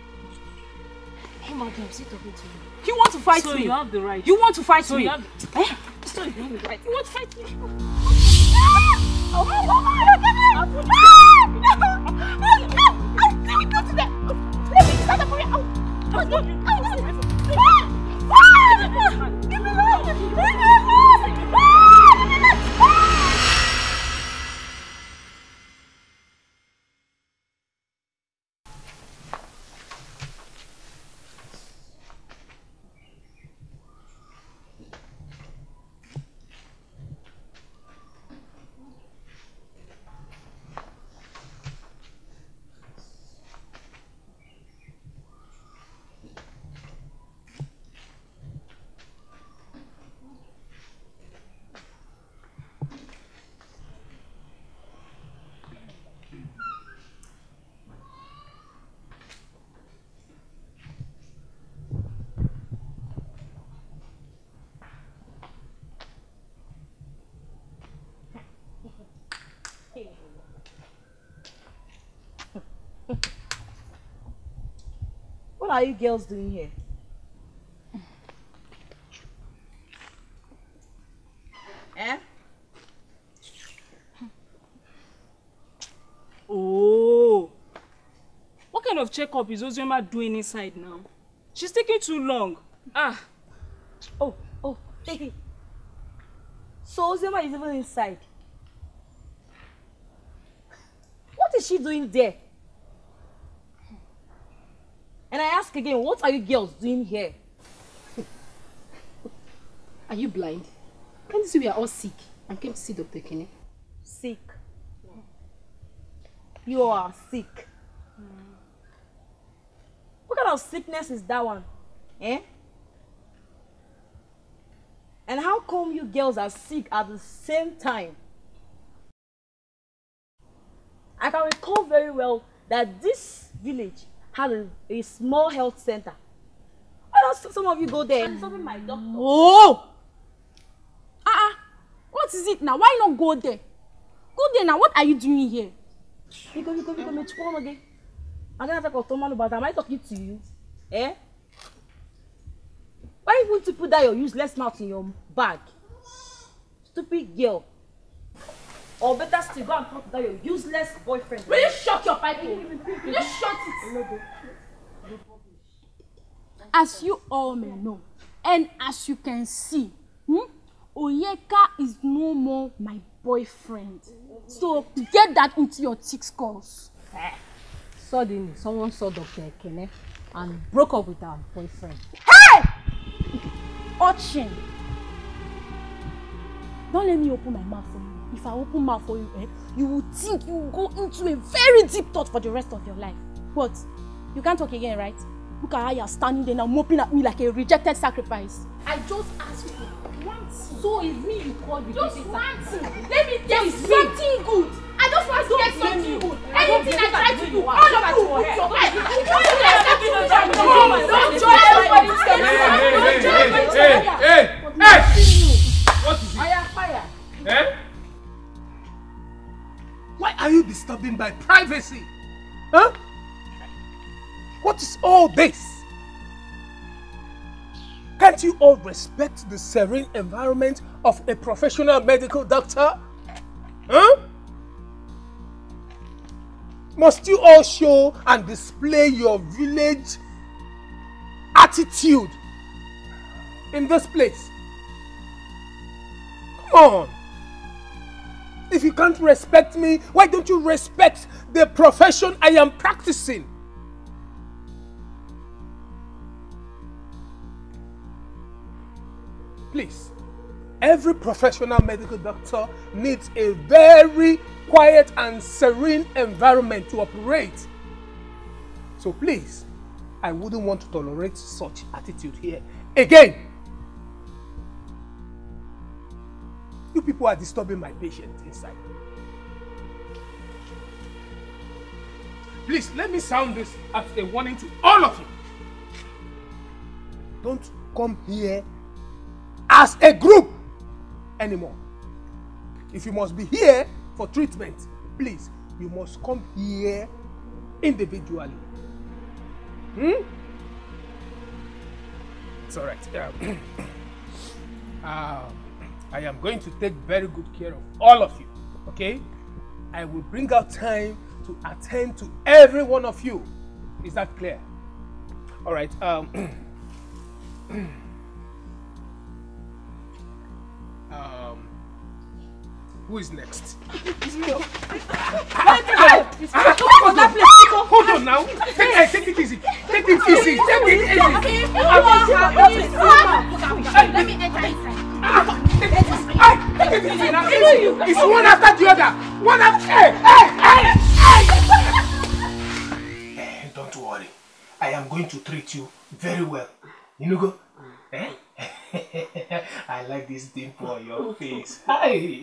Hey, madam, sit talking to you. You want to fight so me? you have the right. You want to fight so me? You have... eh? so you want me to fight me? Oh, oh my God, come here! Ah! No! No! No! I'll are you girls doing here? Eh? Oh. What kind of checkup is Ozioma doing inside now? She's taking too long. Ah. Oh, oh, take it. So Ozioma is even inside. What is she doing there? ask again, what are you girls doing here? are you blind? Can't you see we are all sick I came to see Dr. Kenny? Sick? No. You are sick. What kind of sickness is that one? Eh? And how come you girls are sick at the same time? I can recall very well that this village Karen, a small health center. Why don't some of you go there? I'm my doctor. Oh! Uh-uh. What is it now? Why not go there? Go there now. What are you doing here? Because, because, because, me chupon again. I don't have a customer, but am I talking to you? Eh? Why you going to put that your useless mouth in your bag? Stupid girl. Or better still, go and talk to your useless boyfriend. Will you shut your pipe? Will you shut it? As you all may know, and as you can see, hmm, Oyeka is no more my boyfriend. So get that into your thick skulls. Eh, suddenly, someone saw Dr. Ekene and broke up with her boyfriend. Hey! Ochin! Don't let me open my mouth for you if I open mouth for you, eh, you will think, you will go into a very deep thought for the rest of your life. What? You can't talk again, right? Look at how you're standing there now, moping at me like a rejected sacrifice. I just asked you one So it's me you called rejected Just once. Let me tell you something me. good. I just want do to get something good. Anything I try to do, all of you put your head. Don't join everybody together. Don't join everybody together. Hey, hey, hey, hey. What is it? I am fire. Eh? Why are you disturbing my privacy? Huh? What is all this? Can't you all respect the serene environment of a professional medical doctor? Huh? Must you all show and display your village attitude in this place? Come on. If you can't respect me, why don't you respect the profession I am practicing? Please, every professional medical doctor needs a very quiet and serene environment to operate. So please, I wouldn't want to tolerate such attitude here again. You people are disturbing my patient inside. Please, let me sound this as a warning to all of you. Don't come here as a group anymore. If you must be here for treatment, please, you must come here individually. Hmm? It's alright. Um, um, I am going to take very good care of all of you. Okay? I will bring out time to attend to every one of you. Is that clear? All right. Um, um, who is next? It's me. Hold on now. Take, eh, take it easy. Take it easy. Take it easy. Let me enter inside. It's one after the other. One after. Hey, hey, hey, hey. Eh, don't worry. I am going to treat you very well. You know, go. Eh? I like this dimple on your face. Hi.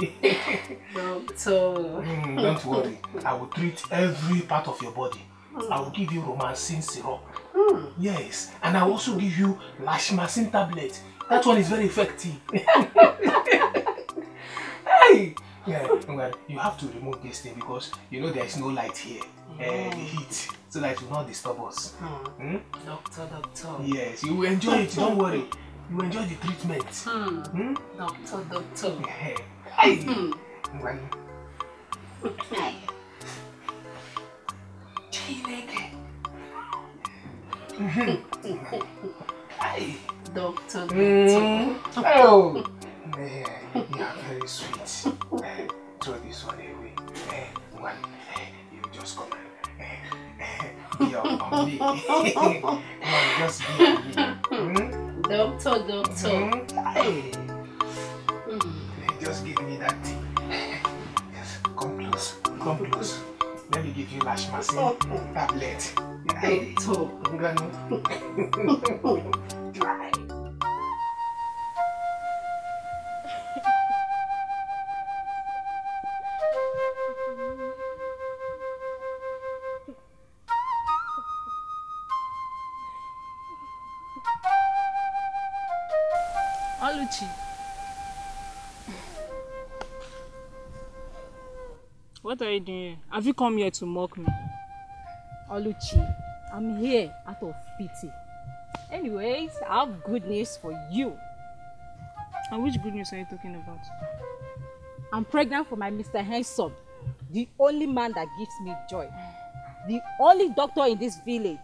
Doctor. Mm, don't worry. I will treat every part of your body. Hmm. I will give you romancin syrup. Hmm. Yes. And I will also give you lashmacin tablet. That one is very effective. hey! Yeah, you have to remove this thing because you know there is no light here. Mm. Uh, the heat. So that it will not disturb us. Hmm? hmm? Doctor, doctor. Yes, you will enjoy it, don't worry. You will enjoy the treatment. Hmm? hmm? Doctor, doctor. Yeah. Hey! Hmm. hey! Doctor, mm. Oh, eh, you are very sweet. Eh, throw this one away. Eh, one, eh, you just come and eh, eh, be on, on me. one, just be on me. Mm? Doctor, doctor. Mm? Hey. Mm. Just give me that thing. Yes, come close, come close. Let me give you lash massage tablet. Doctor. Ganu. doing here? Have you come here to mock me? Oluchi, I'm here out of pity. Anyways, I have good news for you. And which good news are you talking about? I'm pregnant for my Mr. Handsome, the only man that gives me joy, the only doctor in this village.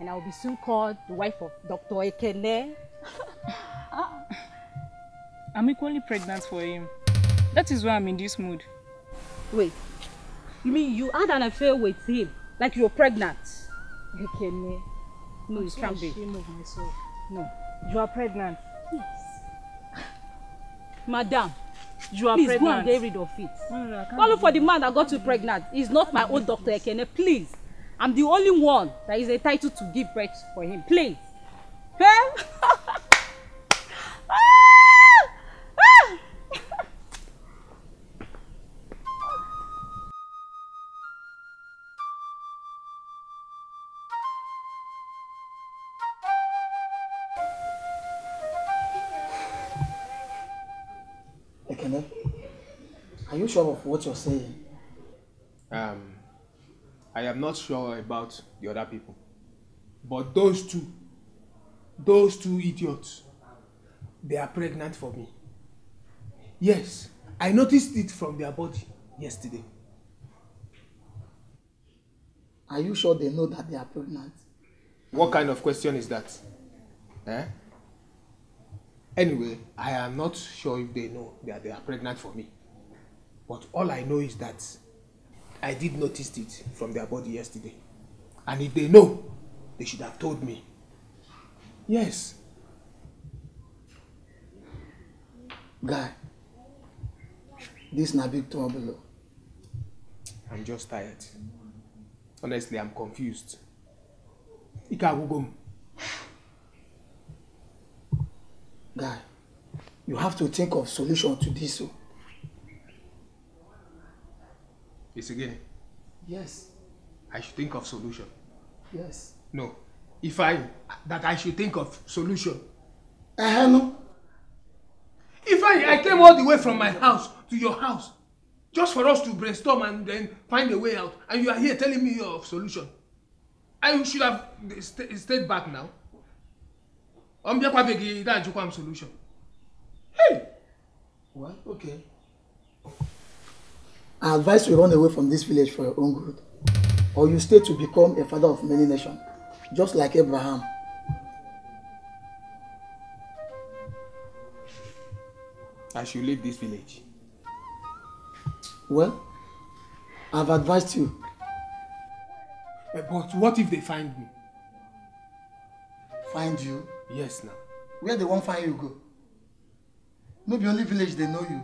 And I will be soon called the wife of Dr. Ekene. I'm equally pregnant for him. That is why I'm in this mood. Wait, you mean you had an affair with him? Like you are pregnant? You can me. Eh, no, you can't be. of myself. No. You are pregnant. Yes. Madam, you are please pregnant. Please go and get rid of it. No, no, Follow for the man that got you pregnant. He's not my old doctor, Ekene. Please. I'm the only one that is entitled to give birth for him. Please. Okay? sure of what you're saying. Um, I am not sure about the other people. But those two, those two idiots, they are pregnant for me. Yes, I noticed it from their body yesterday. Are you sure they know that they are pregnant? What kind of question is that? Eh? Anyway, I am not sure if they know that they are pregnant for me. But all I know is that I did notice it from their body yesterday. And if they know, they should have told me. Yes. Guy, this na big trouble. Oh. I'm just tired. Honestly, I'm confused. Ike agwụgo Guy, you have to think of solution to this. Oh. It's again. Yes. I should think of solution. Yes. No. If I that I should think of solution. Uh, -huh, no. If I I came all the way from my house to your house just for us to brainstorm and then find a way out and you are here telling me your solution. I should have st stayed back now. I'm just solution. Hey. Well, okay. I advise you to run away from this village for your own good, or you stay to become a father of many nations, just like Abraham. I should leave this village. Well, I've advised you. Eh, but what if they find me? Find you? Yes, now. Where they won't find you go? No be only village they know you.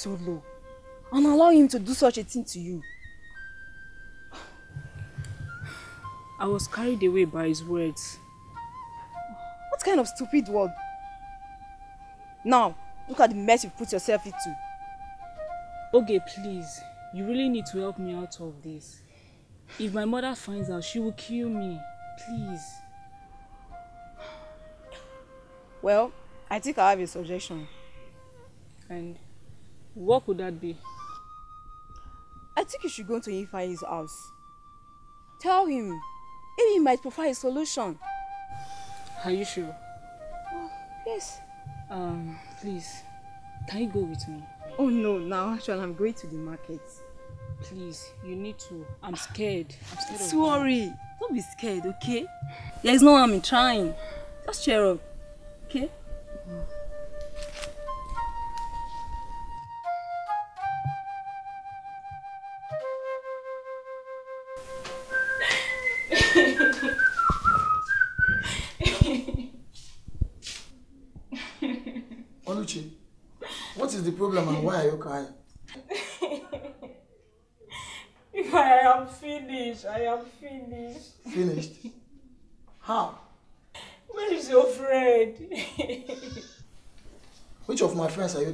so low and allow him to do such a thing to you? I was carried away by his words. What kind of stupid word? Now, look at the mess you put yourself into. Okay, please. You really need to help me out of this. If my mother finds out, she will kill me. Please. Well, I think I have a suggestion. And? What could that be? I think you should go to Ifai's house. Tell him. Maybe he might provide a solution. Are you sure? Oh, yes. Um, please, can you go with me? Oh no, now actually I'm going to the market. Please, you need to. I'm scared. I'm scared Sorry. Don't be scared, okay? There is no harm in trying. Just cheer up, okay?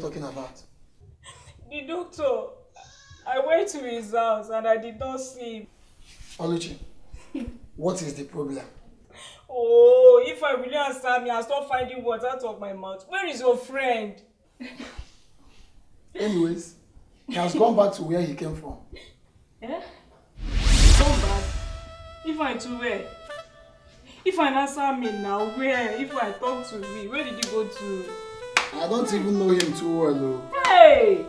talking about? The doctor. I went to his house and I did not see him. Oluchi, what is the problem? Oh, if I really understand me, I'll stop finding words out of my mouth. Where is your friend? Anyways, he has gone back to where he came from. Yeah? Gone back? If I to where? If I answer me now, where? If I talk to me, where did you go to? I don't even know him too well though. Hey!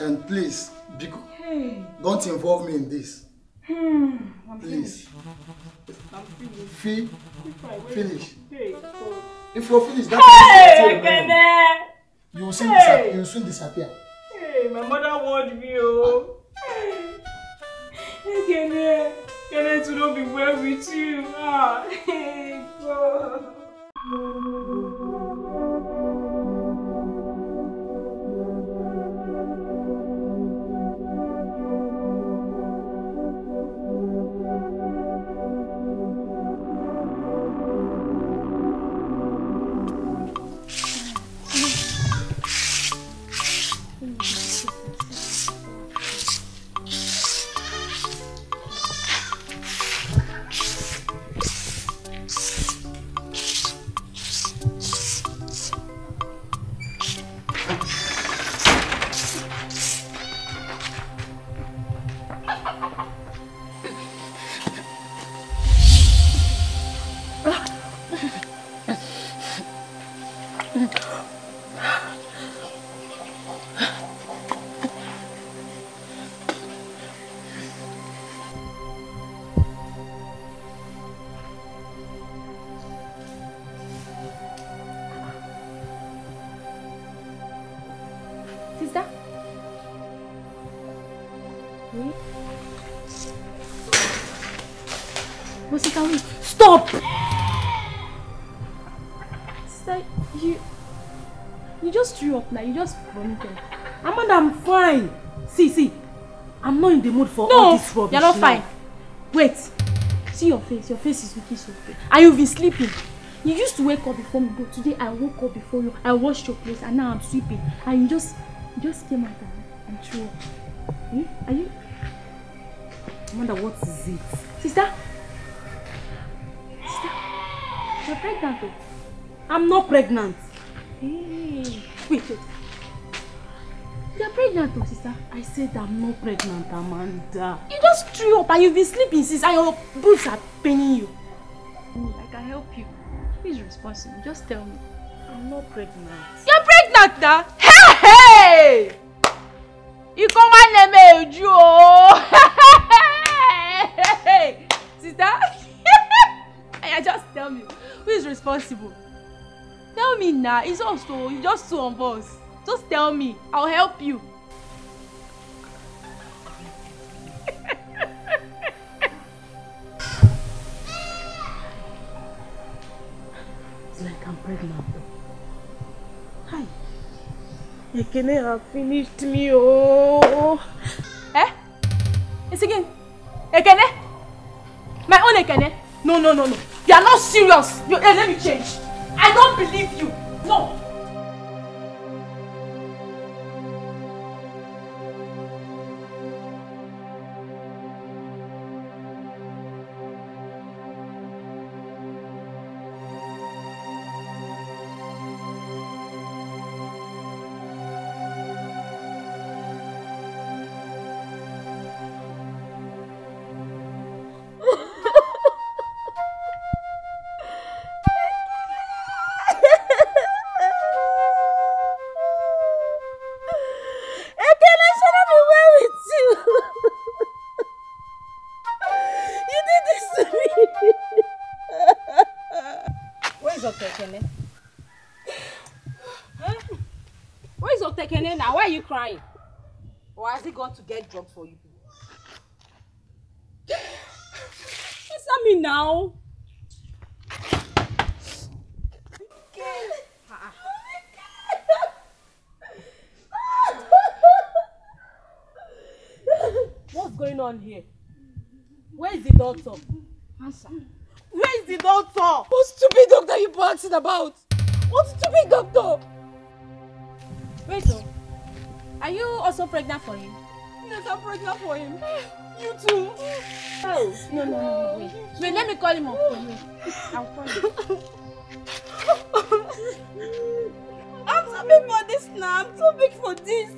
And please, Biko, hey. don't involve me in this. Hmm, please. I'm finished. Fee, finish. Hey. If you're finished, that's hey, means I eh? you will soon, hey. Disappear. soon disappear. Hey, my mother warned me, oh. Hey, Kene, Kene, to not be well with you. Ah, hey, God. for no, all this rubbish you're not now. fine. Wait. See your face. Your face is looking so pale. And you've been sleeping. You used to wake up before me, but today I woke up before you. I washed your clothes, and now I'm sleeping. And you just you just came out and, and threw up. Hmm? Are you? I wonder what is it? Sister? Sister? You're pregnant though. I'm not pregnant. Hey. Wait, wait. You're pregnant, sister. I said I'm not pregnant, Amanda. You just threw up and you've been sleeping since and your boobs are paining you. I can help you. Who is responsible? Just tell me. I'm not pregnant. You're pregnant now? Hey, hey! You call my name you. Sister? I just tell me. Who is responsible? Tell me now. It's also you just two on boss. Just tell me. I'll help you. it's like I'm pregnant. Hi. Ekene have finished me. Oh. Eh? It's again. Ekene? My own Ekene? No, no, no, no. You are not serious. You, eh, let me change. I don't believe you. No. to get drugs for you It's not me now. What's going on here? Where is the doctor? Answer. Where is the doctor? What stupid doctor you asking about? What stupid doctor? Rachel, oh. are you also pregnant for him? Yes, I'm pregnant for him. You too. Oh. No, no, no, wait. Wait, let me call him up for you. I'll call him. I'm too big for this now. I'm too big for this.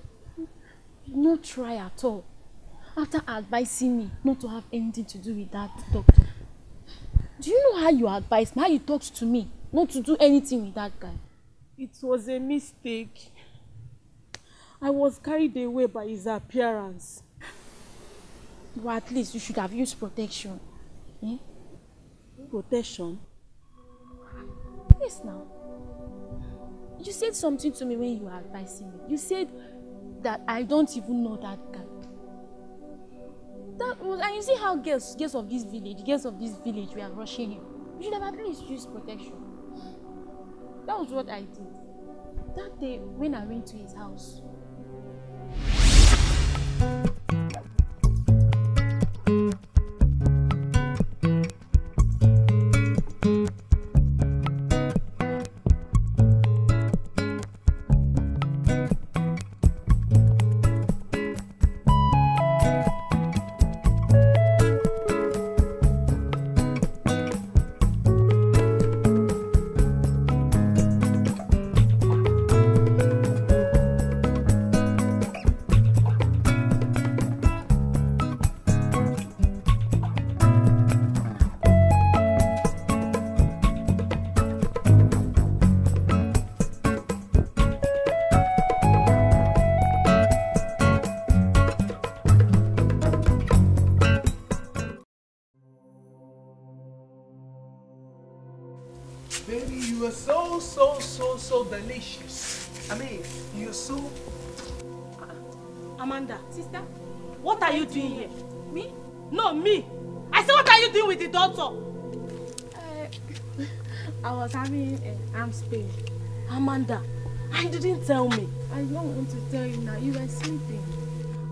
try at all. After advising me not to have anything to do with that doctor. Do you know how you advised me, how you talked to me not to do anything with that guy? It was a mistake. I was carried away by his appearance. Well, at least you should have used protection. Eh? Protection? Yes, now. You said something to me when you were advising me. You said that I don't even know that guy. That was, and you see how girls, girls of this village, girls of this village were rushing him. We should have at least used protection. That was what I did. That day, when I went to his house, Spain. Amanda, I didn't tell me. I don't want to tell you now. You were sleeping.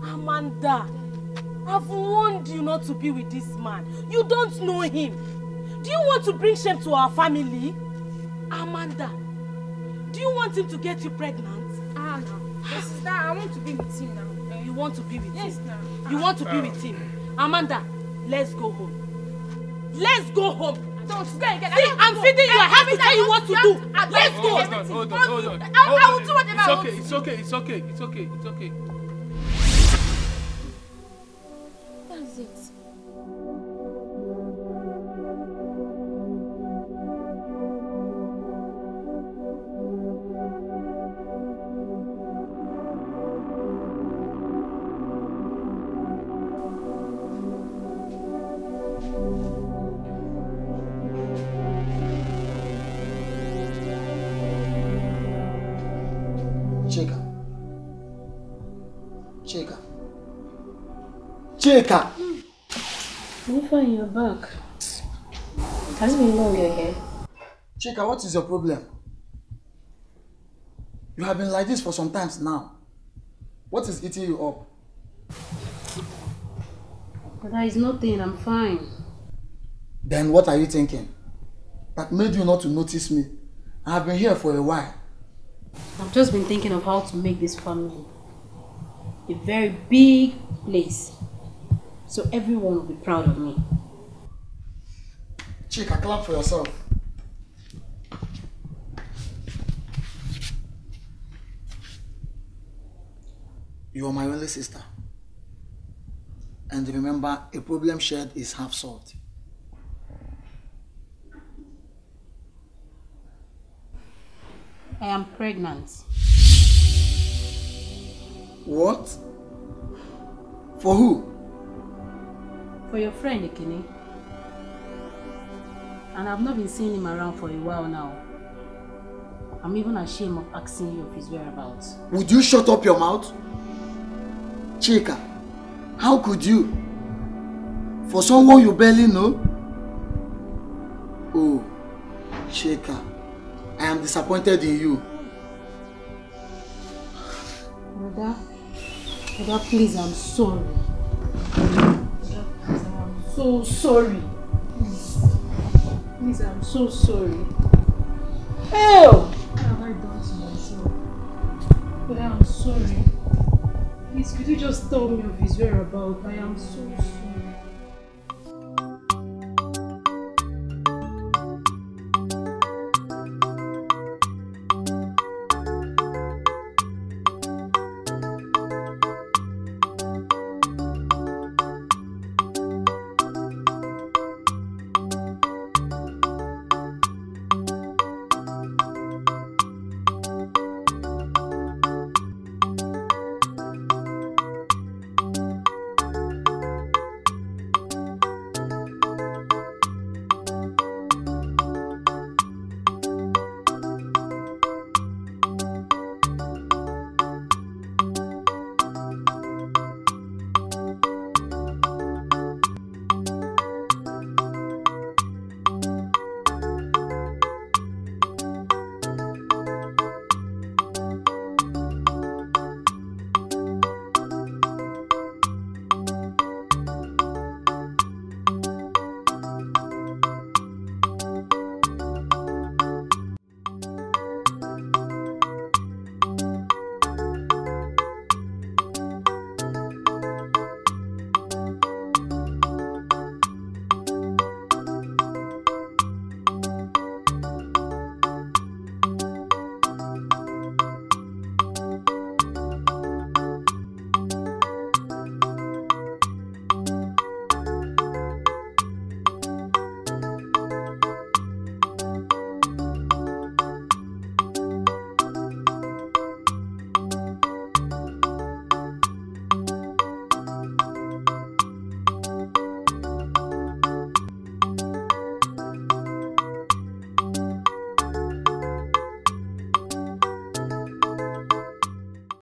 Amanda, I've warned you not to be with this man. You don't know him. Do you want to bring shame to our family? Amanda, do you want him to get you pregnant? Ah, no. Sister, I want to be with him now. Eh, you want to be with yes, him? Yes, now. You want to be ah. with him? Amanda, let's go home. Let's go home don't. Stay again. See, I'm feeding you. I have to tell you what to do. Let's go. Hold on, hold on, hold on. I will do whatever I want. It's okay, it's okay, it's okay, it's okay, it's okay. shaker. Ifeanyi, you're back. Has it been long again? Chika, what is your problem? You have been like this for some times now. What is eating you up? That is nothing, I'm fine. Then what are you thinking? That made you not to notice me. I have been here for a while. I've just been thinking of how to make this family a very big place So everyone will be proud of me. Chica, clap for yourself. You are my only sister. And remember, a problem shared is half solved. I am pregnant. What? For who? for your friend Ekene. And I've not been seeing him around for a while now. I'm even ashamed of asking you of his whereabouts. Would you shut up your mouth? Chika, how could you? For someone you barely know? Oh, Chika, I am disappointed in you. Mother, Mother, please, I'm sorry. so sorry. Please. Please, I'm so sorry. Oh! What have I done to myself? But I'm sorry. Please, could you just tell me of his whereabouts? I am so sorry.